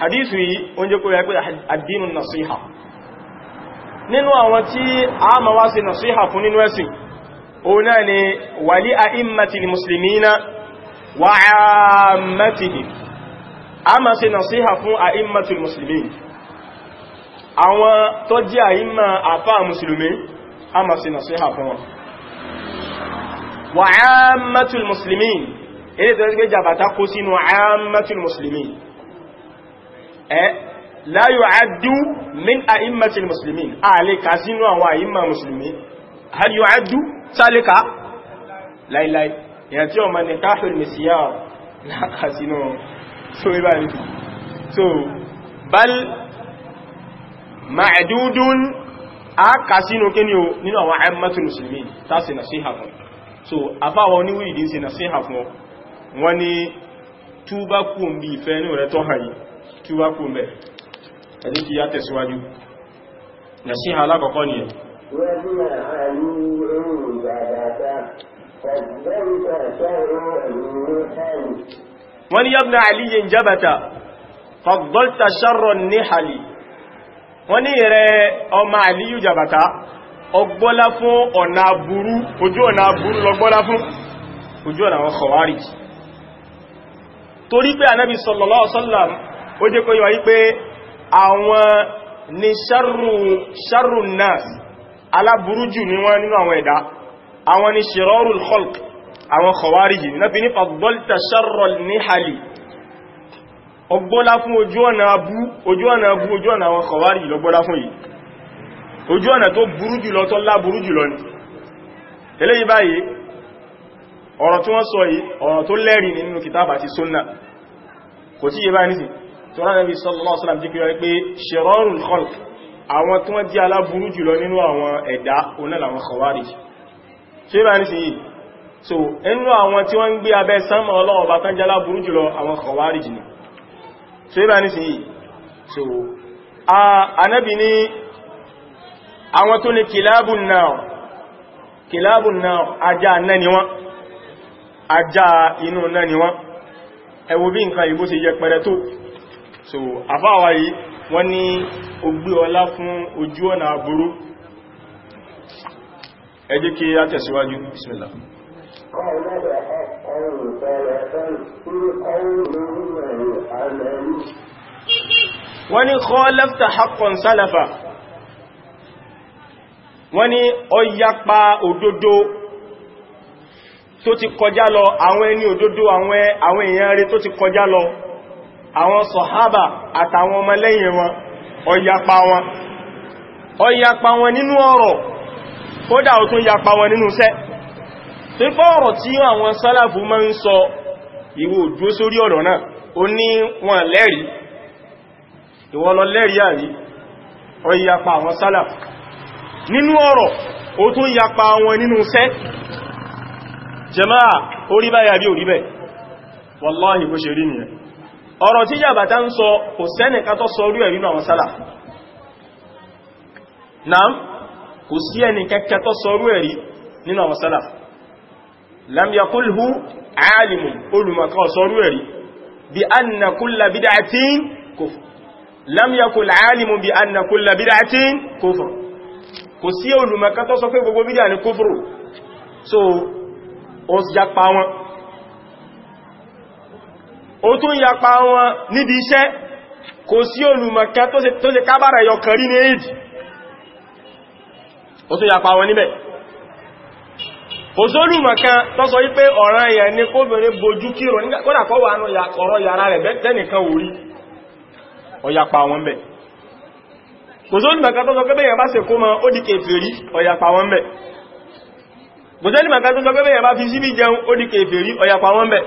hadithu yìí oúnjẹ́ kó yẹ pé àdínú nínú àwọn tí a ma wá sí nasiha fún nínú ẹ̀sìn òun náà ni wàlí a immati muslimina wa ammatihi a ma sí nasiha fún a immati muslimin àwọn tó jẹ́ a imma àfá musulmi a ma sí nasiha fún wọn wa ammati muslimin ilé tó gẹ́gẹ́ la yu'addu min a'immatil muslimin a lè kà sínú àwọn àìmà musulmi hal yu'addu sálíkà láìláì ìyàn tí ọmọ ní káfíl mẹ́síyà láàkà sínú so ibá ní so bal ma'adudun a kà sínú kí ni o nínú àwọn àìmàtil musulmi ta sì nasiha fún so afáwọn oníwìrì dín ẹni kí yá tẹ̀síwájú nasiha alákọ̀ọ́kọ́ ni ẹ̀ wọ́n ni yabna aliyin jabata faddalta sharron nihali wọ́n ni rẹ̀ ọmọ aliyu jabata ọgbọ́lá fún ọ̀nà burú ojú ọ̀nà burú lọgbọ́lá fún ojú ọ̀nà wọn khawarij torí pé anábi sallallahu àwọn ni sharru nas aláburújù ni wọ́n nínú àwọn ẹ̀dá àwọn ni shirarul khalq àwọn khawariji na fi ní faddalta sharral nihali ọgbọ́lá fún ojú ọ̀nà abú ojú ọ̀nà abú ojú ọ̀nà àwọn khawariji lọ́gbọ́lá fún yìí ojú ọ̀nà tó burú jùlọ tó láburú jùlọ ni eléyìí ọ̀rọ̀ tí wọ́n sọ yìí ọ̀rọ̀ tó lẹ́rìí nínú kìtàbà àti sunna kò tí yẹ báyìí tó rán Nabi sallallahu alaihi wasallam jíkiri wípé shararul khalq àwọn tí wọ́n jẹ́ aláburú jùlọ nínú àwọn ẹ̀dá onílàwọn Khawarij ṣe bá ní sí yìí so inú àwọn tí wọ́n ń gbé abẹ́ sánmà ọlọ́ọ̀bá tán jẹ́ aláburú bí nǹkan ìbó ṣe yẹpẹrẹ tó so àfáwà yìí wọ́n ní ó gbé ọlá fún ojú ọ̀nà àbúrú ẹ jẹ́ kí a tẹ̀síwájú bismillah wọ́n ní khalafta haqqan salafa wọ́n ní ọyapa òdodo tó ti kọjá lọ àwọn ẹni òdodo àwọn èèyàn rẹ̀ tó ti kọjá lọ àwọn sọ̀hábà àtàwọn ọmọlẹ́yìn wọn ọ̀yapa wọn ọ̀yapa wọn nínú ọ̀rọ̀ kódà ó tún yapa wọn nínú iṣẹ́ tí pọ́ ọ̀rọ̀ tí àwọn sálàfù máa ń sọ ìwò òdúró sórí ọ̀rọ̀ náà ó ní wọn lẹ́rìí ìwọ lọ àrí ọ̀yapa àwọn sálàfù nínú ọ̀rọ̀ ó tún yapa wọn nínú iṣẹ́ jàmáà orí báyà bí orí bẹ́ẹ̀ wallahi bó ṣe rí nìyẹn ọ̀rọ̀ tí jàbàtà ń sọ kò sẹ́nìkan tó sọ orí ẹ̀rí náà sálà naam kò sí ẹni kẹ́kẹ́ tó sọ orí ẹ̀rí nínú àwọn sálà lam yakulhu alimun olùmọ̀kan sọ orí ẹ̀rí bí anna kulla bid'atin kufr lam yakul alimun bí anna kulla kò sí olùmọ̀kan sọ pé gbogbo bídà ní kufru so ó sì jápa wọn ó tún yapa wọn níbi iṣẹ́ kò sí olùmọ̀kan tó ṣe kábàrà yọ kàn rí ní èdè ó tún yapa wọn níbẹ̀ kò sí olùmọ̀kan tó sọ wípé ọ̀ràn èèyàn ni kóbìnrin bojú kírò kódà kọ́ wà ọ̀rọ̀ yàrá rẹ̀ tẹ́nìkan yapa wọn bẹ̀ kò sí olùmọ̀kan tó sọ pé bẹ́yàn bá ṣe kó mọ ó di kèfèrí ó yapa wọn bẹ̀ kò sí olùmọ̀kan jẹun ó di kèfèrí ó wọn bẹ̀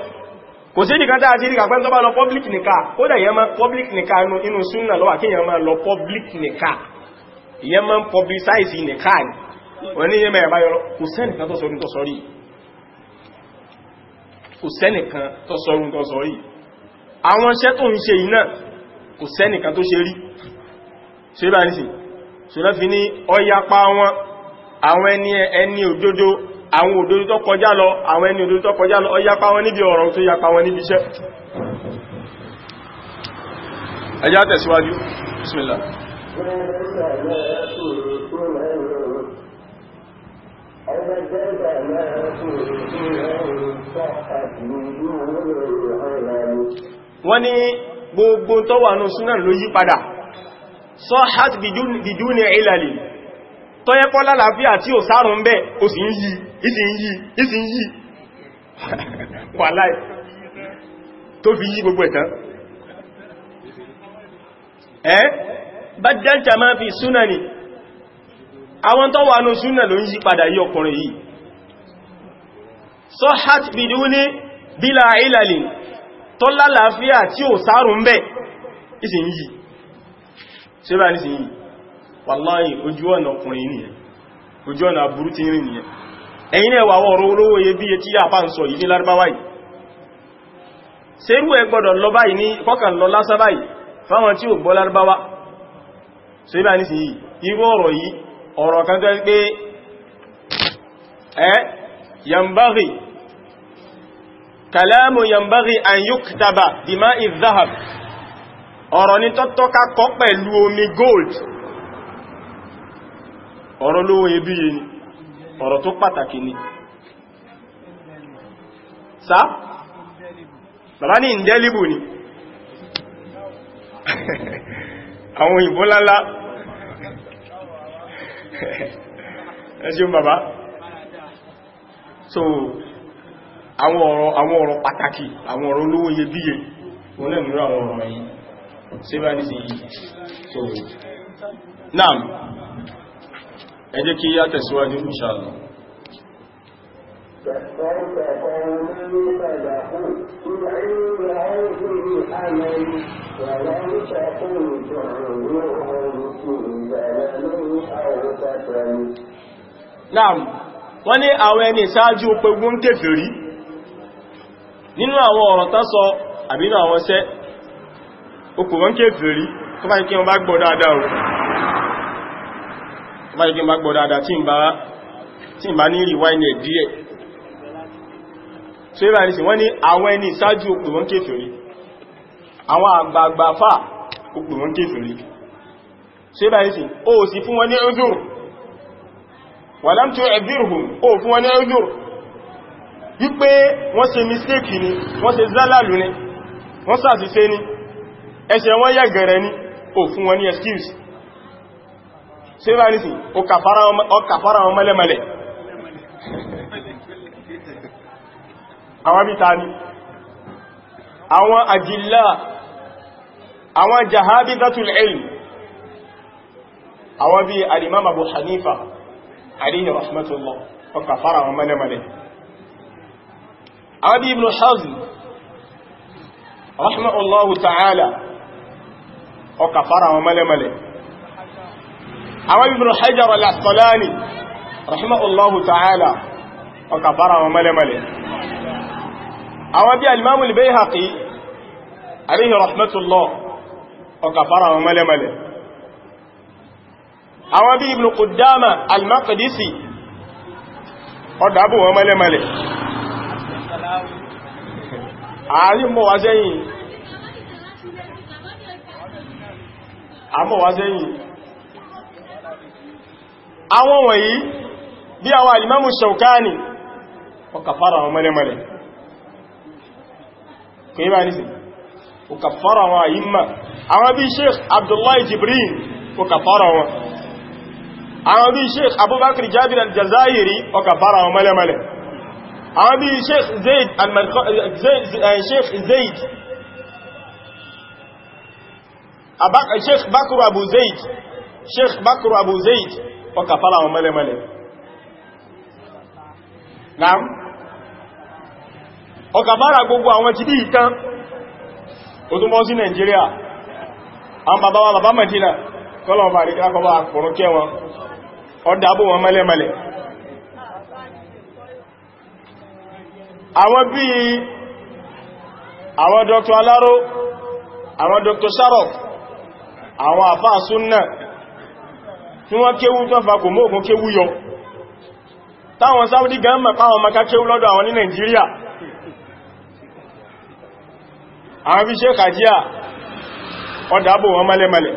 kò sí ìdíkan táà sí ìdíkan pẹ́ tó lọ public nìka ó dẹ̀ yẹn máa public nìka inú súnà lọ́wà kí yẹn máa lọ public nìka ìyẹn máa ń publicize nìka ní wọ́n ní yẹn mẹ́rẹ̀ báyọ́ kò sẹ́nìkan tó sọrún tó sọrí àwọn iṣẹ́ tó ń ṣe iná kò sẹ́nìkan tó ṣe rí ṣe bá ní sí ṣe lọ́fi ní ọyapa wọn àwọn ẹni òjòjò àwọn òdodo tó kọjá lọ àwọn ẹni òdodo tó kọjá lọ ó yapa wọn níbi ọ̀rọ̀ tó yapa wọn níbi iṣẹ́ ẹjá tẹ̀síwájú bismillah wọ́n ní gbogbo tó wà súnà ló yí padà sọ́hat bìdúnì ìlàlì tó yẹ pọ́ lálàáfíà tí ò sárùn bẹ́ o sì ń yí ìsì ń yí ìsì ń yí (laughs) wà láì tó fi yí gbogbo ẹ̀tán ẹ́ bá jẹ́ǹkà máa fi súnà ni àwọn tó wà ní súnà ló ń yí padà yí ọkùnrin yìí sọ hat bìdú ní bílà ìlàlì tó lálàáfíà tí ò sárùn bẹ́ ìsì ń yí wàláyìn ojú ọ̀nà ọkùnrin nìyẹn ojú ọ̀nà àbúrú ti rìn nìyẹn ẹ̀yìn ẹwà ọ̀rọ̀ olówó iye bí etí àpá ń sọ ìdí lárúbáwá yìí serú ẹ gbọ́dọ̀ lọ báyìí ní kọkàn lọ lásá ọ̀rọ̀ yìí ọ̀rọ̀ kan tó yambari kalamu yambari an yuktaba bima izahab ọ̀rọ̀ ni tọ́tọ́ká kọ pẹ̀lú omi gold ọ̀rọ̀ lówó ebíye ni ọ̀rọ̀ tó pàtàkì ni sá bàbá ní indelible ni (laughs) àwọn òyìnbó lálá (laughs) ẹṣin bàbá so àwọn ọ̀rọ̀ àwọn ọ̀rọ̀ pàtàkì àwọn ọ̀rọ̀ olówó iyebíye wọn náà mìíràn àwọn ọ̀rọ̀ yìí sí bá e jẹ́ kí yá tẹ̀síwájú inshallah كفرت قومي فدحوا إن عند عوده wọ́n ní àwọn ẹni nínú àwọn ọ̀rọ̀ àbínú àwọn ṣẹ́ bá gbọ́ dáadáa májèké má gbọ́ dáadáa tí ń bá ní rewind ẹ̀ díẹ̀ so ibà ní sí wọ́n ní àwọn ẹni ìsájú òpè wọ́n kéfèrí àwọn àgbààgbà fà òpè wọ́n kéfèrí so ibà ní sí o sì fún wọn ní uzur wà lámtí ẹ̀bírùhùn o fún wọn wọ́n mistake ni wọ́n ṣe zálàlù ni wọ́n ṣàṣìṣe ni ẹ̀ṣẹ̀ wọ́n yẹ gẹ̀rẹ̀ ní ṣe bá nìsìn ó kàfàrà wọn mẹ́lẹ̀mẹ́lẹ̀ àwọn bíta ni àwọn àjìlá àwọn jahabi zatul ilm àwọn bí alimam abu hanifa alayhi rahmatullah ó wọn mẹ́lẹ̀mẹ́lẹ̀ àwọn bí ibn hazm rahmatullahu ta'ala ó wọn mẹ́lẹ̀mẹ́lẹ̀ àwọn Ibn Hajar al-Asqalani rahimahullahu ta'ala ọkà fara wọn mẹ́lẹ̀mẹ́lẹ̀ àwọn bí al-Imam al-Bayhaqi alayhi rahmatullah ọkà fara wọn mẹ́lẹ̀mẹ́lẹ̀ àwọn bí Ibn Qudama al-Maqdisi ọdábù wọn mẹ́lẹ̀mẹ́lẹ̀ ààrí mọ́ àwọn wọ̀nyí bí àwọn alimamu Shaukani ó kàfàrà àwọn mẹ́lẹ̀mẹ́lẹ̀ kò yí bá ní sí ó kàfàrà àwọn àyíma àwọn bí Sheikh Abdullahi Jibrin ó kàfàrà wọn àwọn bí Sheikh Abubakar Jabir al-Jazairi àwọn mẹ́lẹ̀mẹ́lẹ̀ àwọn bí Sheikh Zaid eh, Sheikh Bakr Abu Zaid Sheikh Bakr Abu Zaid ọ kafara ahụ mere na m ọ kafara gbogbo awọn chidi ikan odumọzi nigeria a mbabawa baba majina kọlọ mari akọwa akpọrọ kewọn ọdị abụ wọn mere mere àwọn bí i dr alaro awọn dr sharok awọn afáàsún náà tí wọ́n kéwú tó fàkò mọ́kún kéwú yọ táwọn Saudi gan mọ̀ páwọn maka kéwú lọ́dọ̀ àwọn ní Nigeria àwọn fi ṣe kàjíà ọdábò wọn mẹ́lẹ́mẹ́lẹ́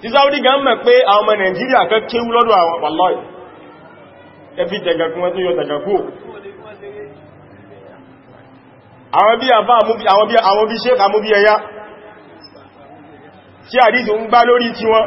tí Saudi gan mọ̀ pé àwọn ọmọ Nigeria kẹ́ kéwú lọ́dọ̀ àwọn wallahi ẹbí tẹ̀gàkún wọn tó tí àdíjù ń gbá lórí tí wọ́n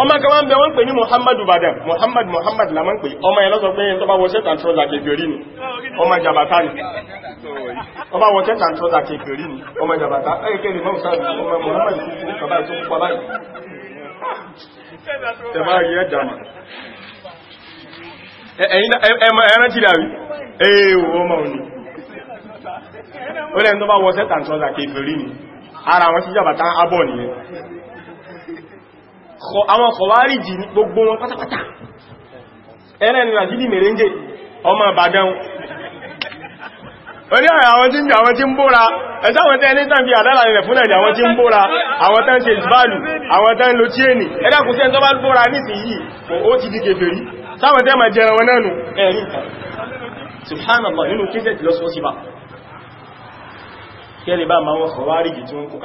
ọmọ kan wọ́n bẹ wọ́n pè ní muhammadu badan muhammad muhammad la máa ń pè ọmọ yẹn lọ́sọ̀ pé yẹn tó bá wọ ṣẹ́tà trọ́sà kèfèrí ni ọmọ jàbátá ni ó bá wọ ṣẹ́tà trọ́sà ni ọmọ jàbátá ẹ̀kẹ́rì mọ́ sáà ọmọ muhammad kúkú kàbáyé tó kúpa báyìí tẹ̀báyé ẹ̀dàmà ẹ̀rán ti dàrí ẹ̀ẹ̀wọ̀ ọmọ òní ó lẹ́yìn tó bá wọ ṣẹ́tà trọ́sà kèfèrí ni ara wọn sí jàbátá abọ́ nìyẹn àwọn kọ̀wárí jì gbogbo wọn pátápátá ẹ̀rẹ́ ni àjídì mèrèǹgè ọmọ àbàdàn orí àwọn tí ń jà àwọn tí ń bóra ẹjọ́ àwọn tẹ́ ní tàbí àdára rẹ̀ fún ẹ̀dẹ̀ àwọn tí ń bóra àwọn tẹ́ ń ṣe ìbálù àwọn tẹ́ ń lo chíẹ̀nì ẹ̀dàkùn tẹ́ tó bá bóra nísìnyí ó ti di kèfèrí sáwọn tẹ́ ma jẹran wọn nánu ẹ̀rí subhanallah nínú kíṣẹ́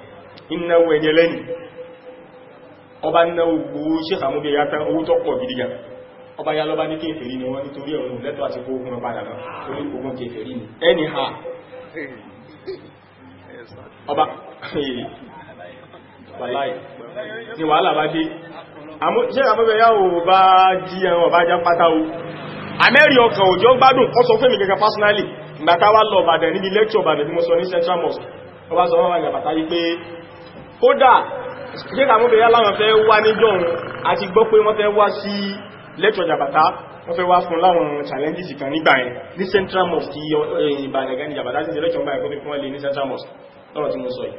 ìnáwó ẹ̀yẹ lẹ́yìn ọba náwó gbogbo ṣéfà mú bí i yàtọ̀ owó tó pọ̀ ọba yá lọ́ba ní kéfèrí ni wọ́n nítorí ẹ̀rùn lẹ́tọ̀ àti ogun padà náà torí ogun kéfèrí ni ẹni ha ọba (laughs) wàláì ni wàhálà bá dé ṣe àmọ́bẹ̀ yá o bá jí ẹran ọba já pátá o amẹ́rí ọkàn òjò gbádùn kọ́ sọ fẹ́mi kẹkẹ personally ìgbàtà wá lọ Ìbàdàn níbi lecture Ìbàdàn tí mo sọ ní Central Mosque ọba sọ wọ́n wà ní àbàtà yí pé kódà jẹ́ta mú bèèrè láwọn fẹ́ wá níjọ́ òun àti gbọ́ pé wọ́n fẹ́ wá sí lẹ́tọ̀ jàbàtà wọ́n fẹ́ wá fún láwọn challenges kan nígbà yẹn ní central mosque eh, ti ìbànẹ̀gẹ́ ní jàbàtà sí lẹ́tọ̀ báyẹ̀ kóbi fún ẹlẹ́ ní central mosque lọ́rọ̀ tí mo sọ yìí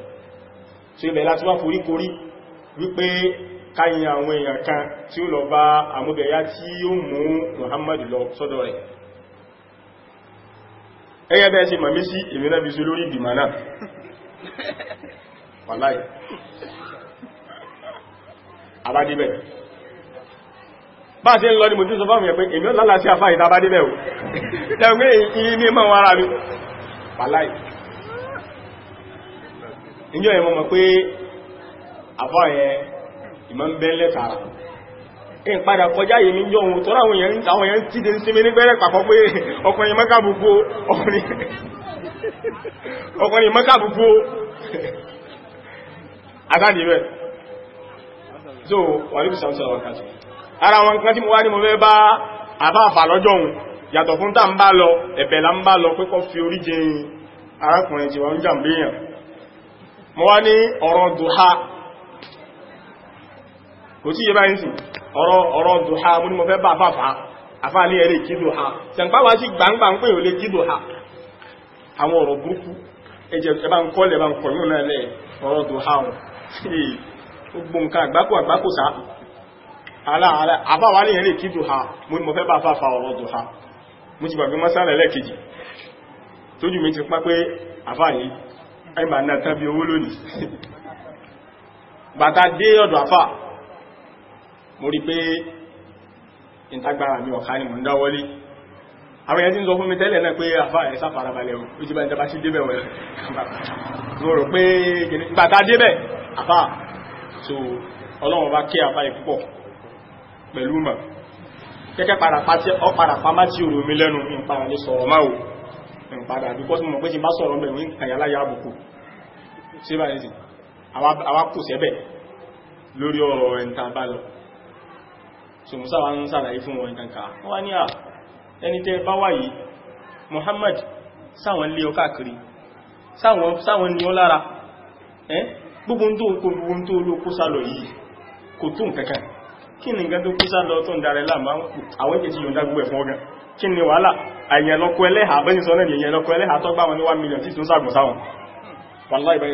so ibẹ̀ láti wá forí korí wípé káyìn àwọn èèyàn kan tí ó lọ bá àmúbẹ̀yà tí ó mú Muhammad lọ sọ́dọ̀ rẹ̀ ẹgẹ́ bẹ́ẹ̀ sí màmí sí ìmìnà bí sí lórí ìgbìmọ̀ náà wàláì àbádíbẹ̀ bá ṣe ń lọ ní mo tí sọ fáwọn ẹ̀pẹ́ èmi ó lálàá sí afá ìta àbádíbẹ̀ o tẹ́gbẹ́ ìyí ní mọ́ ara mi wàláì ìjọ ẹ̀mọ́ mọ̀ pé àfọ́ ẹ̀ ìmọ̀ ń bẹ́lẹ̀ tààrà in padà kọjá yìí ní yọ̀hun tó ráwọn èèyàn àwọn èèyàn tí dé ń sinmi nígbẹ́rẹ́ pàpọ̀ pé ọkùnrin mọ́kàbùkú ọkùnrin mọ́kàbùkú àtàdìbẹ̀ so wàlúù sàmsàn wákàtí ara wọn kan tí mo wá ní mo fẹ́ bá àbáfà lọ́jọ́ òun yàtọ̀ fún tàà ń bá lọ ẹ̀bẹ̀ la ń bá lọ pé kó fi orí jẹ arákùnrin tí wọ́n jàmbé èèyàn mo wá ní ọ̀rọ̀ dùhá kò tí yẹ báyìí sí ọ̀rọ̀ àwọn ọ̀rọ̀ burúkú ẹjẹ̀ ẹbá ń kọ́lẹ̀ ẹbá ń kọ̀ yóò náà lẹ́ ọ̀rọ̀ dùhá wọn gbogbo nǹkan àgbákò àgbákò sá àbáwálé yẹn lè kí dùhà mo ní mo fẹ́ bá fàfà ọ̀rọ̀ dùhà mo ti gbàgbé mọ́sálẹ̀ lẹ́ẹ̀kejì tójú mi ti pá pé àfáàyí ẹgbà ni mo ń dáwọ́lé àwọn èèyàn tí ń sọ fún mi tẹ́lẹ̀ náà pé àfà ẹ̀ sáfàrabalẹ̀ o ó ti bá ń tẹ́bá sí débẹ̀ wẹ̀ mo rò pé bàtà débẹ̀ àbá so ọlọ́run bá kí àbá ìpọ̀ pẹ̀lú mọ̀ kẹ́kẹ́ padà pàmá tí òrò mi lẹ́nu ìpàdà ní sọ̀rọ̀ máa wò ìpàdà àdúgbọ́ tí mọ̀ pé ti bá sọ̀rọ̀ mẹ́rin àyàláyà àbùkù tí bá nìsìn àwa kò sẹ́bẹ̀ lórí ọ̀rọ̀ ẹ̀ntà bá lọ so musa wa ń sàlàyé fún wọn kankan wọ́n ní à ẹni tẹ́ bá wà yìí Muhammad sáwọn lé ọ káàkiri sáwọn ni ọ lára ẹ́ gbogbo tó kó gbogbo tó olu kó sálọ kò tó nǹkankan kí ni nǹkan tó kó tó ń darẹ láàmà àwọn èkejì yóò dá gbogbo ẹ̀fún ọgán kí ni wàhálà ẹlẹ́hà sọ náà ẹlẹ́hà tó wọn ní 1 million tí tún sáwọn sọ pé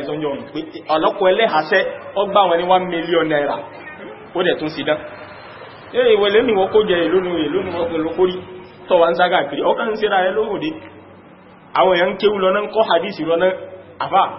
ẹlẹ́hà sẹ́ ọ wọn ní 1 million naira ó dẹ̀ tún sí ẹ ìwẹ̀ lẹ́nu kó jẹ ni ń kiri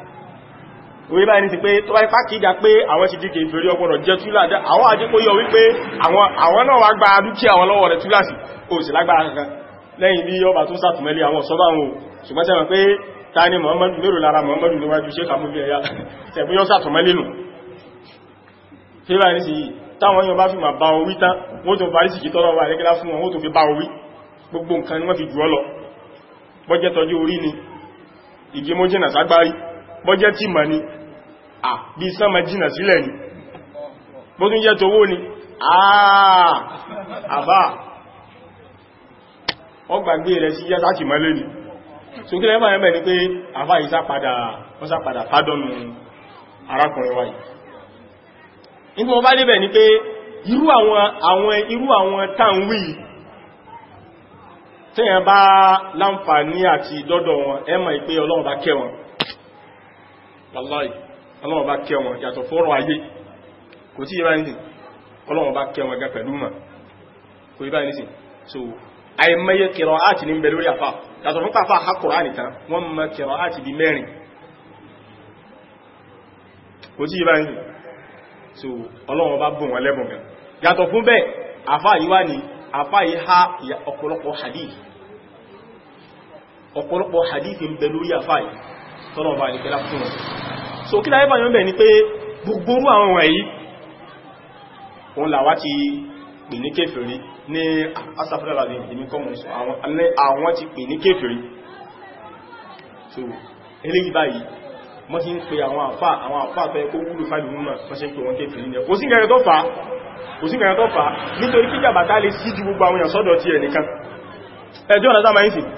wí báyìí ti pé tó bá ipá kìíga pé àwọn ti dìkẹ̀ ìfèrí ọgbọ̀nà jẹ́ túláàdá àwọn àjíkò yọ wípé àwọn náà wá gba dúkìá àwọn lọ́wọ́ rẹ̀ túláàsì kò sì lágbára kankan lẹ́yìn bí ọba tó sàtùmẹ́lé àwọn sọ́bà wọn ṣùgbọ́n tẹ́wọ̀n pé ta ni Muhammadu mérò lára Muhammadu níwájú ṣe kàmúlé ẹ̀yà tẹ̀bí yọ́ sàtùmẹ́lé nù tí bá ní sí táwọn yọ bá fi máa bá orí tán wọ́n tó parí ni wọ́n fi jù ọ́ bọ́jẹ́ tọ́jú orí ni ìgbémójìnà ságbárí bọ́jẹ́ tí mọ̀ ni Ah, bí sánmà jìnà sílẹ̀ ni bó tún jẹ́ tówó ni ah, àbá ọgbàgbé rẹ̀ sí yásá kì mọ́lé ni so kí lẹ́mà ni pé àbá ìsá padà fádọ́nù arákùnrin wáyìí nígbà wọ́n bá débẹ̀ ni pé irú àwọn àwọn irú àwọn táwọn tẹ́yàn bá láǹfààní àti dọ́dọ̀ wọn ẹ mọ̀ ìpé wallahi ọlọ́wọ́ bá kẹ́ wọn yàtọ̀ fọ́rọ̀ ayé kò tí yíba nìsìn ọlọ́wọ́ bá kẹ́ wọn ga pẹ̀lú mà kò yíba nìsìn so àìmọye kẹrọ áti ní bẹ̀rẹ̀ àfà yàtọ̀ fún pàfà ha Kùránì tán wọ́n mọ kẹrọ áti di mẹ́rin kò tí yíba nìsìn so ọlọ́wọ́ bá bùn wọn lẹ́bùn gan yàtọ̀ fún bẹ́ẹ̀ àfà yìí wá ní àfà yìí ha ọ̀pọ̀lọpọ̀ hadith ọ̀pọ̀lọpọ̀ hadith ń bẹ lórí àfà yìí tọ́lọ̀ bá ní kẹlá fún wọn so kí láyé báyọ̀ bẹ̀ ni pé gbogbo àwọn ọ̀rọ̀ yìí wọn làwá ti pè ní kéfèrí ní asafẹ́lá ìdími kọmọ̀ sọ àwọn ti pè ní kéfèrí so eléyìí báyìí wọ́n ti ń pè àwọn àfà àwọn àfà fẹ́ kó wúlò fáìlì múmọ̀ wọ́n ṣe ń pè wọn kéfèrí ní kò sí nǹkan tó fà kò sí nǹkan tó fà nítorí kíjà bàtà lè sí ju gbogbo àwọn èèyàn sọ́dọ̀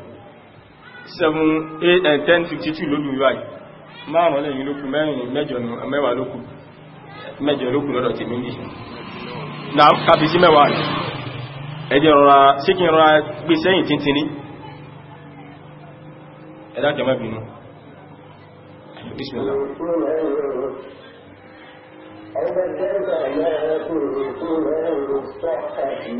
7 and 10 52 ló lù wáyìí márùn-ún lẹ́yìn lókù mẹ́rin mẹ́jọ mẹ́wàá lókù mẹ́jọ lókù lọ́dọ̀ tèmi ní na kàbí sí mẹ́wàá rẹ̀ ẹjẹ́ rọra sí kí n rọra gbé sẹ́yìn títí ní ẹ̀dá jẹmọ́ bínú bismillah Thank you.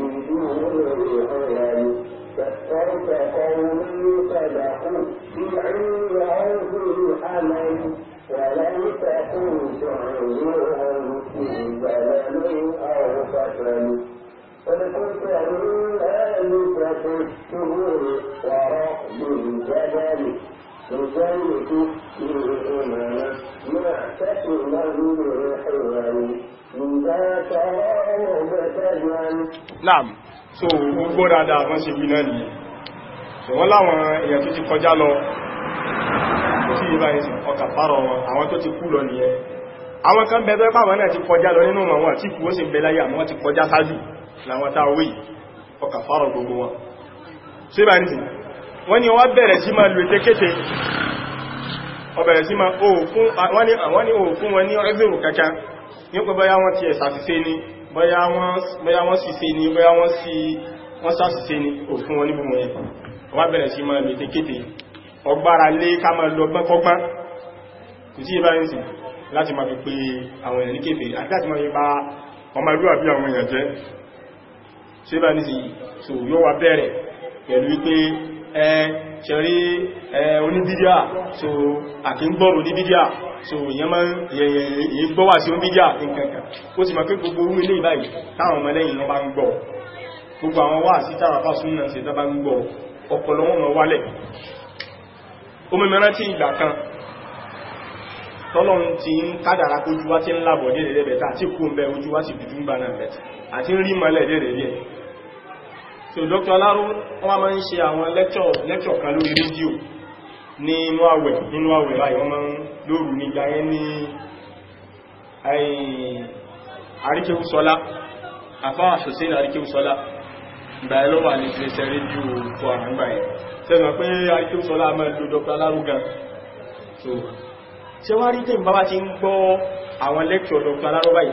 فاسترك قومي فدعوا بعلم عرضه علي ولم تكن تعيرهم في بلد او فشل قد كنت من ذلك في الشهور ورحب الجبل لجنة الإمام معتكما بالحوار من ذاك رغبة نعم so gbogbo dada wọ́n ṣe wí náà nìyẹn so wọ́n láwọn èèyàn tó ti kọjá lọ kò sí ọka ìsìn ọkà pàrọ̀ wọn àwọn tó ti kú lọ nìyẹn àwọn kan bẹ̀ẹ́ pẹ́ náà ti kọjá lọ nínú àwọn àti kú ó sì bẹ àwọn ti kọjá sáájú láwọn tá wí ọkà pàrọ̀ gbogbo wọn ni si ma lu si ma bóyá wọ́n sì se ni bóyá wọ́n sì wọ́n sá sì se ni òfin wọn níbùmọ̀ ẹ̀ wọ́n bẹ̀rẹ̀ sí máa lè tẹ́kéte ọgbára lé ká máa lọ gbọ́nkọ́gbọ́n kò sí ìbá ń sì láti máa fi pé àwọn èèyàn ní àti láti máa so yóò wá bẹ̀rẹ̀ pẹ̀lú wípé ṣẹ̀rí oníbídíà so àkíngbọ̀rù oníbídíà so ìyẹn máa yẹ̀yẹ̀ gbọ́wà sí oníbídíà nǹkankan ó sì máa pé gbogbo orú ilé ìbáyìí táwọn ọmọlẹ́yìn lọ bá ń gbọ́ gbogbo àwọn wà sí tàràpá súnnà sí tàbá ń gbọ́ ọpọlọ wọn wálẹ̀ ó mẹ́mẹ́rán tí ìgbà kan tọ́lọ́run ti ń kádàrá kójú wá tí ń lábọ̀ dẹ́rẹ̀ẹ́bẹ̀ta àti kú ń bẹ ojú wá sí dúdú ń gbà náà bẹ̀ta àti ń rí mọ́lẹ̀ dẹ́rẹ̀ẹ́bẹ̀ẹ́ so Dr. Aláró wọ́n máa ń ṣe àwọn lẹ́kṣọ̀ kan lórí rédíò ní inú àwẹ̀ nínú àwẹ̀ láì wọ́n máa ń lóòrù ní ìgbà yẹn ní àríkẹ́wùsọ́lá àfáà ṣòsí ní àríkẹ́wùsọ́lá ìgbà ẹ ló wà ní fún Dr. Aláró gan so ṣe wá rí tèmi bá bá àwọn lẹ́kṣọ̀ Dr. Aláró báyìí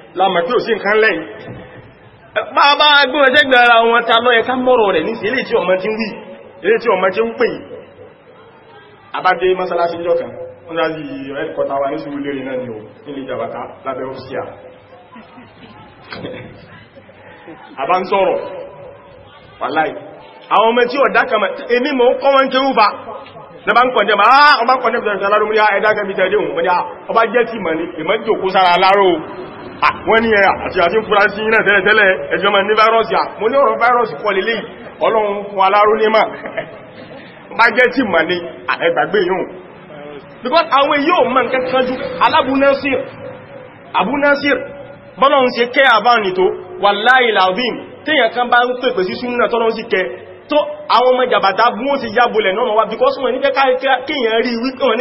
lámà pé ò sí nǹkan lẹ́yìn bàbá agbóhùn ẹ̀sẹ́gbẹ̀ ara wọn ta lọ́yẹ ká mọ́rọ̀ rẹ̀ ní sí ilé tí ọmọ ti ń wí ilé tí ọmọ ti ń pè àbádé mọ́sálásí jọ kan wọ́n rázi ẹ̀kọta wa ní sí ilé rẹ̀ náà ni ò nílé ìjàbàtà lábẹ́ òṣìṣẹ́ àbá ń sọ̀rọ̀ wàláì àwọn ọmọ tí ọ̀dá kama èmi mọ̀ ń kọ́ wọn kéwú fa na bá ń kọ̀ndẹ̀ ma ọba kọ̀ndẹ̀ bìtẹ̀ aláró mú ní ẹ̀dá kan bìtẹ̀ dé òun ọba jẹ́ tí mọ̀ ní ìmọ̀ jòkó sára aláró wọ́n ní ẹ̀ àti àti fúra sí iná tẹ́lẹ̀tẹ́lẹ̀ ẹjọ́ mọ̀ ní fáírọ́sì àmọ́ ní ọ̀rọ̀ fáírọ́sì kọ lélẹ̀ ọlọ́run fún aláró ní mà bá jẹ́ tí mà ní ẹgbàgbé yóò because àwọn yóò mọ̀ nǹkan kanjú alábúnásír abúnásír bọ́lọ́run ṣe kẹ́ àbáni tó wallahi lazim téèyàn kan bá ń pèpè sí súnnà tọ́lọ́run sì kẹ́ tó àwọn ọmọ jàbàtà bú ó sì yábolẹ̀ náà wá because wọ́n ní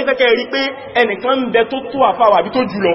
kẹ́kẹ́ rí pé ẹnìkan ń bẹ tó tó àfáwà bí tó jùlọ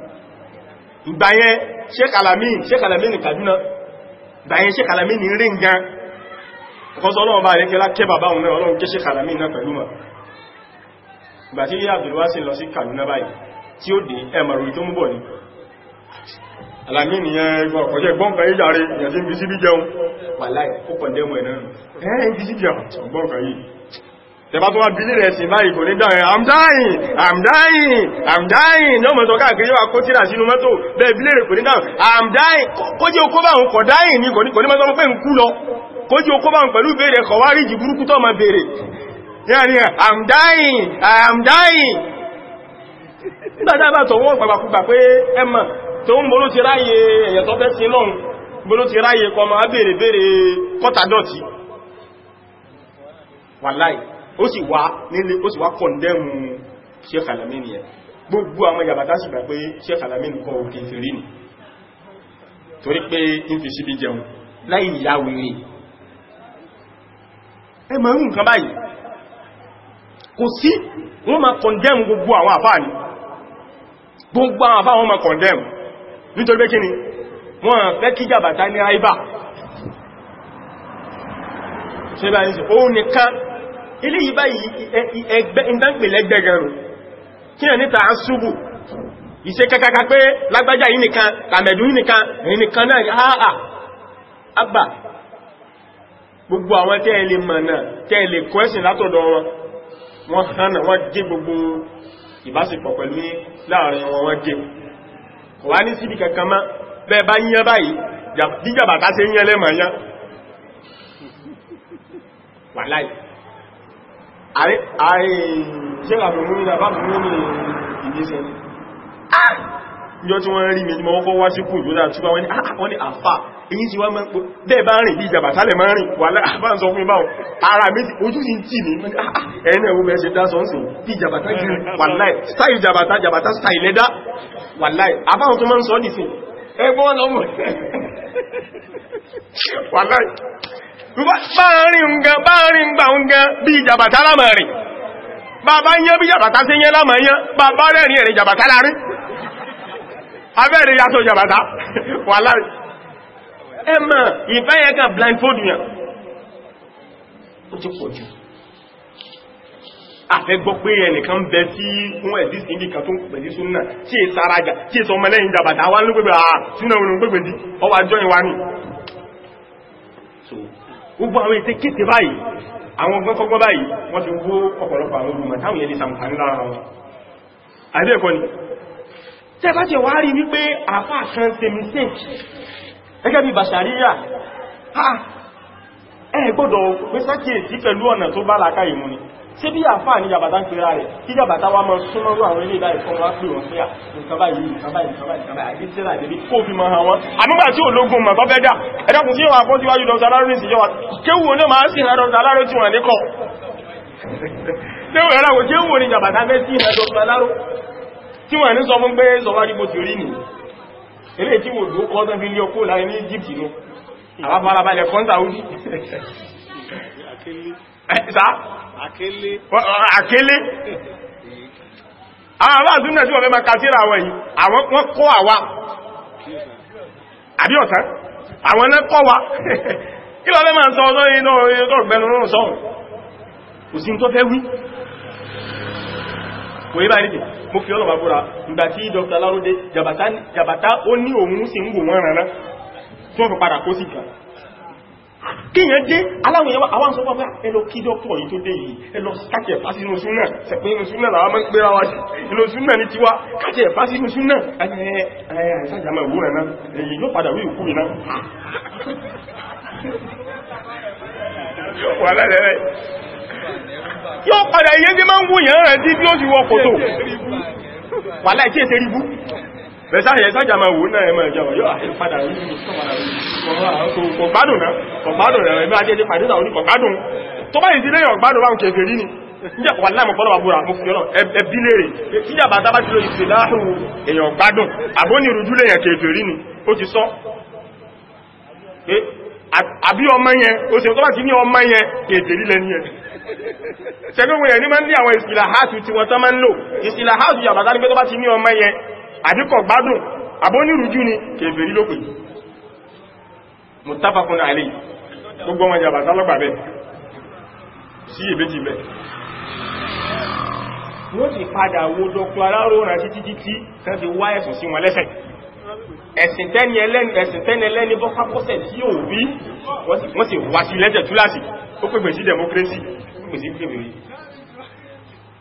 ìgbàyẹn Sheikh Alamin Sheikh Alamin Kaduna ìgbàyẹn Sheikh Alamin rí ngan ọkọ̀sọ́ ọlọ́run bá rẹ̀kẹ́lá kẹ bàbá òun náà ọlọ́run kẹ́ Sheikh Alamin náà pẹ̀lú mọ̀ ìgbà tí Abdulwasi lọ sí Kaduna báyìí tí ó dé ẹmọ̀rò tó mú bọ̀ ní Alamin yẹn gbọ́ ọ̀kọ̀jẹ́ gbọ́nkà yìí jàre tẹba tó wá bílé rẹ̀ sí báyìí kò ní gbà i'm dying i'm dying i'm dying ní ọmọ ìtọ́ká àkíyẹ́ wa kó tíra sínú mọ́tò bẹ́ẹ̀ bílé rẹ̀ kò ní dáhùn i'm dying kó jẹ́ okó bá ń kọ̀ dying ní kò ní mọ́tọ́ pẹ́ ń kú lọ kó jẹ́ okó bá ń pẹ̀lú béèrè kọ̀wárí jì burúkú tọ́ ma i'm dying i'm dying nígbàdá bá tọ̀wọ́ gbàgbàkúgbà pé ẹmà tó ń wàláì ó sì wá nílé ó sì wá kọ̀ndẹ́mù Sheikh Al-Albani yẹn gbogbo àwọn yàbàtà sì gbà pé Sheikh Al-Albani kọ òkè ìfèrí ni torí pé ń fi síbi jẹun láì ìyá wèrè ẹ mọ̀ ń nǹkan báyìí kò sí wọ́n ma kọ̀ndẹ́mù gbogbo àwọn àfáà ni gbogbo àwọn àfáà wọ́n ma kọ̀ndẹ́mù nítorí pé kí ni wọ́n fẹ́ kí jàbàtà ní àìbà ṣe báyìí ó nìkan ilé yìí báyìí ìdánpẹ̀lẹ́gbẹ̀gẹ̀rù kí ẹ̀ níta ṣúgbù ìṣe kẹkàkà pé lágbájá yìí nìkan tàmẹ̀dù yìí nìkan nìkan náà àà àbà gbogbo àwọn tẹ́ẹ̀lẹ̀ mọ̀nà tẹ́ẹ̀lẹ̀ kwẹ́sìn látọ̀dọ̀ wọn wọn wọ́n Ah! ìjọ tí wọ́n rí méjì mọ́wọ́kọ́ wá sí kùn lódá túbá wọ́n ní àfà èyí tí wọ́n mọ́ pé bẹ́ẹ̀ bá rìn bí ìjàbà tálẹ̀ máa rìn wà láàbá (laughs) ń sọ fún ìbáwọn ara méjì ojú sí tí ní ah, ah, ẹ̀rin ẹ̀wọ́ bẹ́ẹ̀ ṣe dá sọ́nsìn bí ìjàbàtá gírí (laughs) wàláì bá rìn gbà ǹgan bí ìjàbàtà lámà rìn bàbá yẹn bí ìjàbàtà sí yẹn lámà bàbá rẹ̀rin ẹ̀rẹ̀ ìjàbàtà lárí abẹ́rẹ̀ yàtọ̀ ìjàbàtà blindfold ó àfẹ́gbọ́ pé ẹnìkan ń bẹ tí fún ẹ̀dí síndì kan tó ń pẹ̀lú súnà tí è sárajà tí è sọmọ lẹ́yìn jàbàtà wá ló pẹ̀lú àà ah, súnà òun pẹ̀lú sí ọwà jọ ìwà ní gbogbo àwọn ètè kéte báyìí àwọn gbọ́kọ́gbọ́ báyìí wọ́n ti wó ọ̀pọ̀lọpọ̀ àwọn olùmọ̀ táwọn yẹn ní sàǹfàní lára wọn àìbẹ́ ẹ̀kọ́ ni tẹ́ bá ti wá ṣé bí àfáà ní jàbàtà ń pera rẹ̀ kí jàbàtà wa máa súnmọ́ rú àwọn ilé ìbáyìí fún wa pé wọ́n fíà ah, nǹkan báyìí nǹkan báyìí nǹkan báyìí nǹkan kó fi mọ́ àwọn àmúgbà tí ológun mọ̀ tó fẹ́ ẹ̀dàkùn tí wọ́n fọ́jú wájú dr larry sí jọwà kéwù ní máa sì hàn dr larry tí wọ́n ní kọ́ àwọn farabalẹ̀ kọ́ńtà ó ẹ̀sá àkélé àwọn ará àdúnnà tí wọ́n fẹ́ ma kàtíra àwọn yìí àwọn wọ́n kọ́ àwa àbíọ̀tán àwọn ẹ̀nà kọ́ wa (laughs) kí lọ fẹ́ ma sọ ọdọ́ iná ọgbẹ̀nu náà sọ́run kò sí tó fẹ́ wí kò yí báyìí mo fi ọlọ́mà búra ìgbà tí Dr. Lárúdé jàbàtà ó ní òun sí ń wò wọ́n rẹ̀ náà tó fi padà kó sí kan kíyàn dé aláwọ̀ ẹwà àwọn sọ pàpá ah, ẹlọ kí dọ́pọ̀ yìí tó dé yìí ẹlọ kájẹ̀ fásí inú súnà sẹ̀pẹ́ inú súnà làwọn mọ́ ń pẹ́ra wá sí inú súnà ní tiwa kájẹ̀ fásí inú súnà ẹ̀ẹ́sàjàmà ìwú ẹ̀nà èyí ló padà bẹ̀sá yẹ sájà máa wò náà ẹmọ ìjọba yóò àyè padà rí kọ̀gbádùn náà kọ̀gbádùn rẹ̀ ẹgbẹ́ ajé pàdé sàwọn oníkọ̀gbádùn tó bá yìí sí lẹ́yìn ọ̀gbádùn báhùn kèfè rí ni níjà wà láìmọ̀ fọ́lọ́wà búra mú fi ọ̀nà ẹbí léèrè níjà bá dábá jùlọ ìfèláhù èèyàn gbádùn àbóní rújú lèèyàn kèfè rí ni ó ti sọ pé àbí ọmọ yẹn ó sì tó bá ti ní ọmọ yẹn kèfè rí lẹ́ni yẹn ṣẹgbẹ́ wọn yẹn ní máa ń ní àwọn ìsìlàhátù tí wọ́n tán máa ń lò ìsìlàhátù yàbàtà ní pé tó àdíkọ̀ gbádùn abónírújú ni kèfèrí ló pè muttafaqun alayhi gbogbo wọn yàbà sálọ́gbà bẹ́ sí èbéjì bẹ́ wọ́n ti padà wo dọ́kùn aláró rán sí títí tí tán ti wá ẹ̀sùn sí wọn lẹ́sẹ̀ ẹ̀sìn tẹ́ni ẹlẹ́ni bọ́ pápọ́sẹ̀ tí ò rí wọ́n sì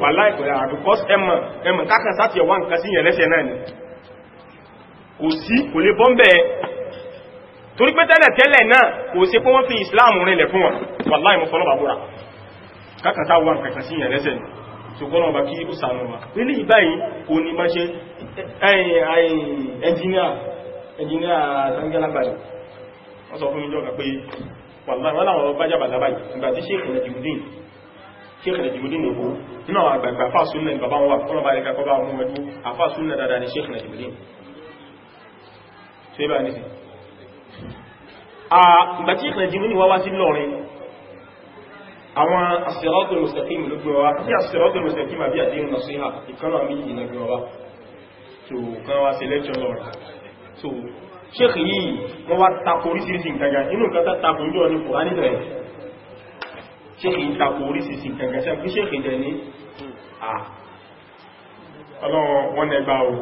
wà láìpẹ́ rárá because ẹmọ̀ ẹmọ̀ kákan sáti ẹ̀wà nǹkan sí ìyẹ̀lẹ́sẹ̀ náà ni kò sí kò lè bọ́m̀bẹ̀ torí pé tẹ́lẹ̀ tẹ́lẹ̀ náà kò sí pé wọ́n fi ìsìláàmù rinlẹ̀ fún wọn wà láì mọ́ fọ́nà bàbúrà kákan sáwà nǹkan sí ìyẹ̀lẹ́sẹ̀ ni ṣùgbọ́n ọba kí ó sànà wa nílé ìbáyìí kò ní máa ṣe ẹnjìníà zangalabari wọ́n sọ fún ìjọ́ kan pé wà láwọn ọba jábàlábàyìí ìgbà tí ṣe ìrìnàjò sheikh najimudin ogun nínú àwọn àgbàgbà afáàsúnnà ní bàbá wọn wà fún ọba ẹ̀ka kọba ọmọ ẹdú afáàsúnnà dáadáa ni sheikh najimudin ṣe bá nìsí àgbà tí sheikh najimudin wá wá sí lọ́rin àwọn as wa tí as-siratul mustaqim àbí àdéhùn nasiha ìkánà méjì na gbé wa tó kan wá sí lẹ́jọ́ lọ́rin tó sheikh yìí wọ́n wá tako orísìírísìí ṣéèkì ń takò orísìsì kẹ̀kẹ́ṣẹ́ kí ṣéèkì jẹ ní à ọlọ́run wọ́n nẹgbà o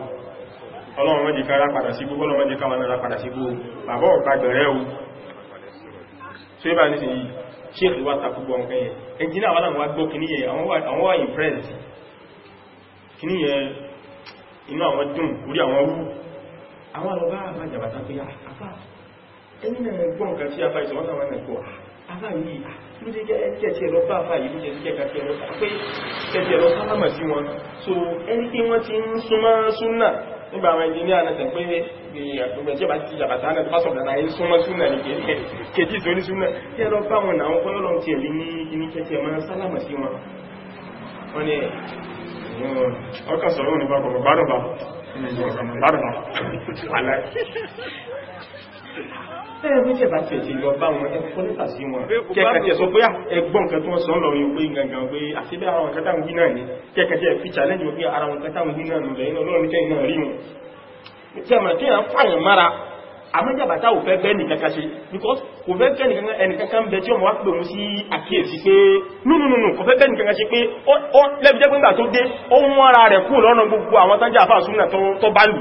ọlọ́run wọ́n jẹ́ kára padà sí gbogbo ọlọ́run jẹ́ káwọn nára padà sí gbogbo bàbá ọ̀pá gbẹ̀rẹ́ o tó yẹ́ bá ní sèyí ṣéèkì wá takò gbọ́ nǹkan yẹn ẹnjìnà wà láwọn wá gbọ́ kìíní yẹn àwọn wà impressed kìíní yẹn inú àwọn dùn orí àwọn wú àwọn alọ́bá àbájàbátá pé ah, àfà ẹni náà gbọ́ tí afá ìṣọ́wọ́n náà wà ah, náà yìí ah, ló jẹ́ kẹ́ẹ̀kẹ́ lọ bá àfà ìlú jẹ́ kẹ́ẹ̀kẹ́ lọ pé kẹ́ẹ̀kẹ́ lọ sálámà so ẹni tí wọ́n ti ń súnmọ́ súnnà nígbà àwọn ẹnjìníà náà tẹ̀ pé àtúgbẹ̀jẹ́ bá ti jàbàtà náà bá sọ̀rọ̀ náà súnmọ́ súnnà ní kẹ́ẹ̀kẹ́ tó ní súnnà kẹ́ẹ̀ lọ bá wọn àwọn kọ́yọ́ lọ́n ti ẹ̀lú ní kíní kẹ́ẹ̀kẹ́ máa sálámà sí wọn wọ́n ni ọkà ẹ̀rùn tẹ́ bá tẹ̀ ti lọ bá wọn ẹ̀kọ́ lẹ́tà sí wọn kẹ́kẹ̀ẹ́ sọ pé ẹgbọ́n kan tó wọ́n sọ ń lọ rí pé gangan pé àṣíbẹ́ àwọn kẹta ń gbínà ní kẹ́kẹ̀ẹ́ fi challenge pé ara wọn kẹta ń gbínà nù lẹ́yìn ọlọ́run tẹ́ iná rí wọn tẹ́mọ̀ tí a ń fàyàn mára àmọ́jàbàtà ò fẹ́ bẹ́ nìkan kan ṣe because kò fẹ́ bẹ́ ẹnìkan kan bẹ tí ọmọ wá pè wọ́n sí àkíyèsí pé nínúnúnú kò fẹ́ bẹ́ nìkan kan ṣe pé ó lẹ́bí jẹ́ pé ńgbà tó dé ó ń wọ́n ara rẹ̀ kú lọ́nà gbogbo àwọn tájá àfáà súnmọ́ tó bá lù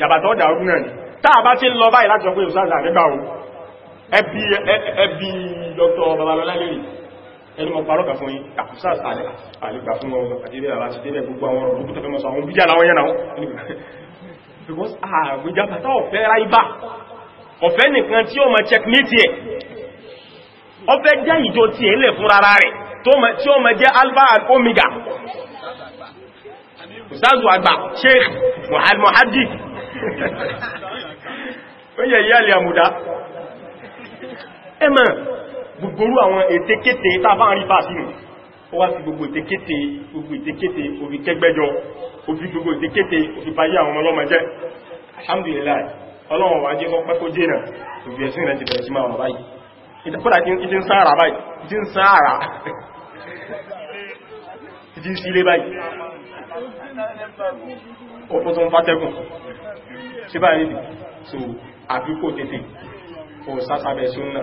yàbàtọ̀ ọ̀dà ọdún náà ni táà bá ti ń lọ báyìí láti ọkùnrin òsáàzà nígbà ohun ẹbí dr babalọ́lá lérí ẹni mọ̀ parọ́kà fún yí àkùsáàsì àlègbà fún wọn àdílé àrá ti délẹ̀ gbogbo àwọn ọ̀rọ̀ lókútẹ́ mọ́sọ àwọn bíjà láwọn yẹn náà because àgbèjà bàtà ọ̀fẹ́ ráibá ọ̀fẹ́ nìkan tí ó mọ̀ checkmate ẹ̀ ọ̀fẹ́ jẹ́ ìjọ tí ẹ̀ lẹ̀ fún rárá rẹ̀ tí ó mọ̀ jẹ́ alpha and omega ìsáàzù àgbà sheikh muhammad ó yẹ ìyá ilẹ̀ àmúdá ẹmà gbogbo àwọn ètekéte tàbá ń rí fásínú ó wá sí gbogbo ètekéte gbogbo ètekéte orí kẹgbẹjọ òfin gbogbo o òfin báyé àwọn ọlọ́mọ jẹ́ alhamdulillah ọlọ́wọ̀n wà jẹ́ ọpẹ́ kó jẹ́nà òbí O rẹ̀ ti bẹ̀rẹ̀ sí máa wà báyìí ìdàkọ́dà ìdí ń sáàrà báyìí ìdí Sara. sáàrà ìdí ń sílé báyìí ó tó ń fátẹ́kùn ṣe bá yìí so àbíkò tètè kò sásábẹ̀ súnnà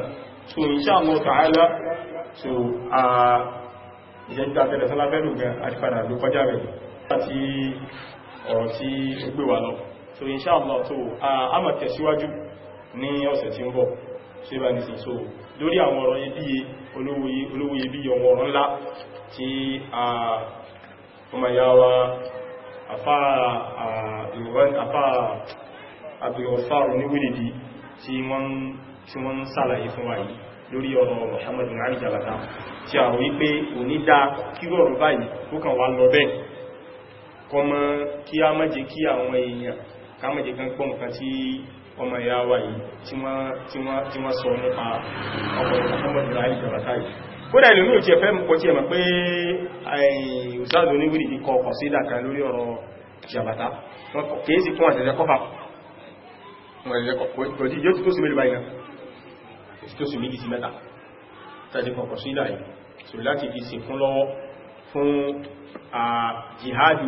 so insha Allah ta'ala so a ìjẹ́jìdá tẹ́lẹ̀ sọ́lábẹ́lù gan àdípadà ló kọjá rẹ̀ láti ọ̀rọ̀ tí ó gbé wà lọ so insha Allah so a mọ̀ tẹ̀síwájú ní ọ̀sẹ̀ tí ń bọ̀ ṣe bá nìsìn so lórí àwọn ọ̀rọ̀ ibíye olówó ọmọ ọ̀rọ̀ ńlá tí a ọmọ yáwa àfá àbìrọ̀fáà oníwìdìdì tí wọ́n sàlàyé fún wa yìí lórí ọ̀rọ̀ Muhammad bin Ali Jalata tí a wí pé onídá kírò ọ̀rọ̀ báyìí ó kàn wá lọ bẹ́ẹ̀ kọmọ kí a má jẹ́ kí àwọn èèyàn ká má jẹ́ kan pọ̀ nǹkan tí ọmọ ìyá wa tí wọ́n sọ nípa ọ̀rọ̀ Muhammad bin Ali yìí kódà ìlú ní òtíẹ̀fẹ́ mọ̀ tí ẹ̀mọ̀ pé ìsáàdù oníwìrì ti kọ ọkọ̀ sí ìdàkà lórí ọ̀rọ̀ jàbàtà kìí sí fún àtẹ̀lẹ́ kọfà yóò tó sí mẹ́lú báyìí náà tó sí méjì sí mẹ́ta tàbí kọkọ̀ sí ìdà yìí láti fi sí fún lọ́wọ́ fún jihadu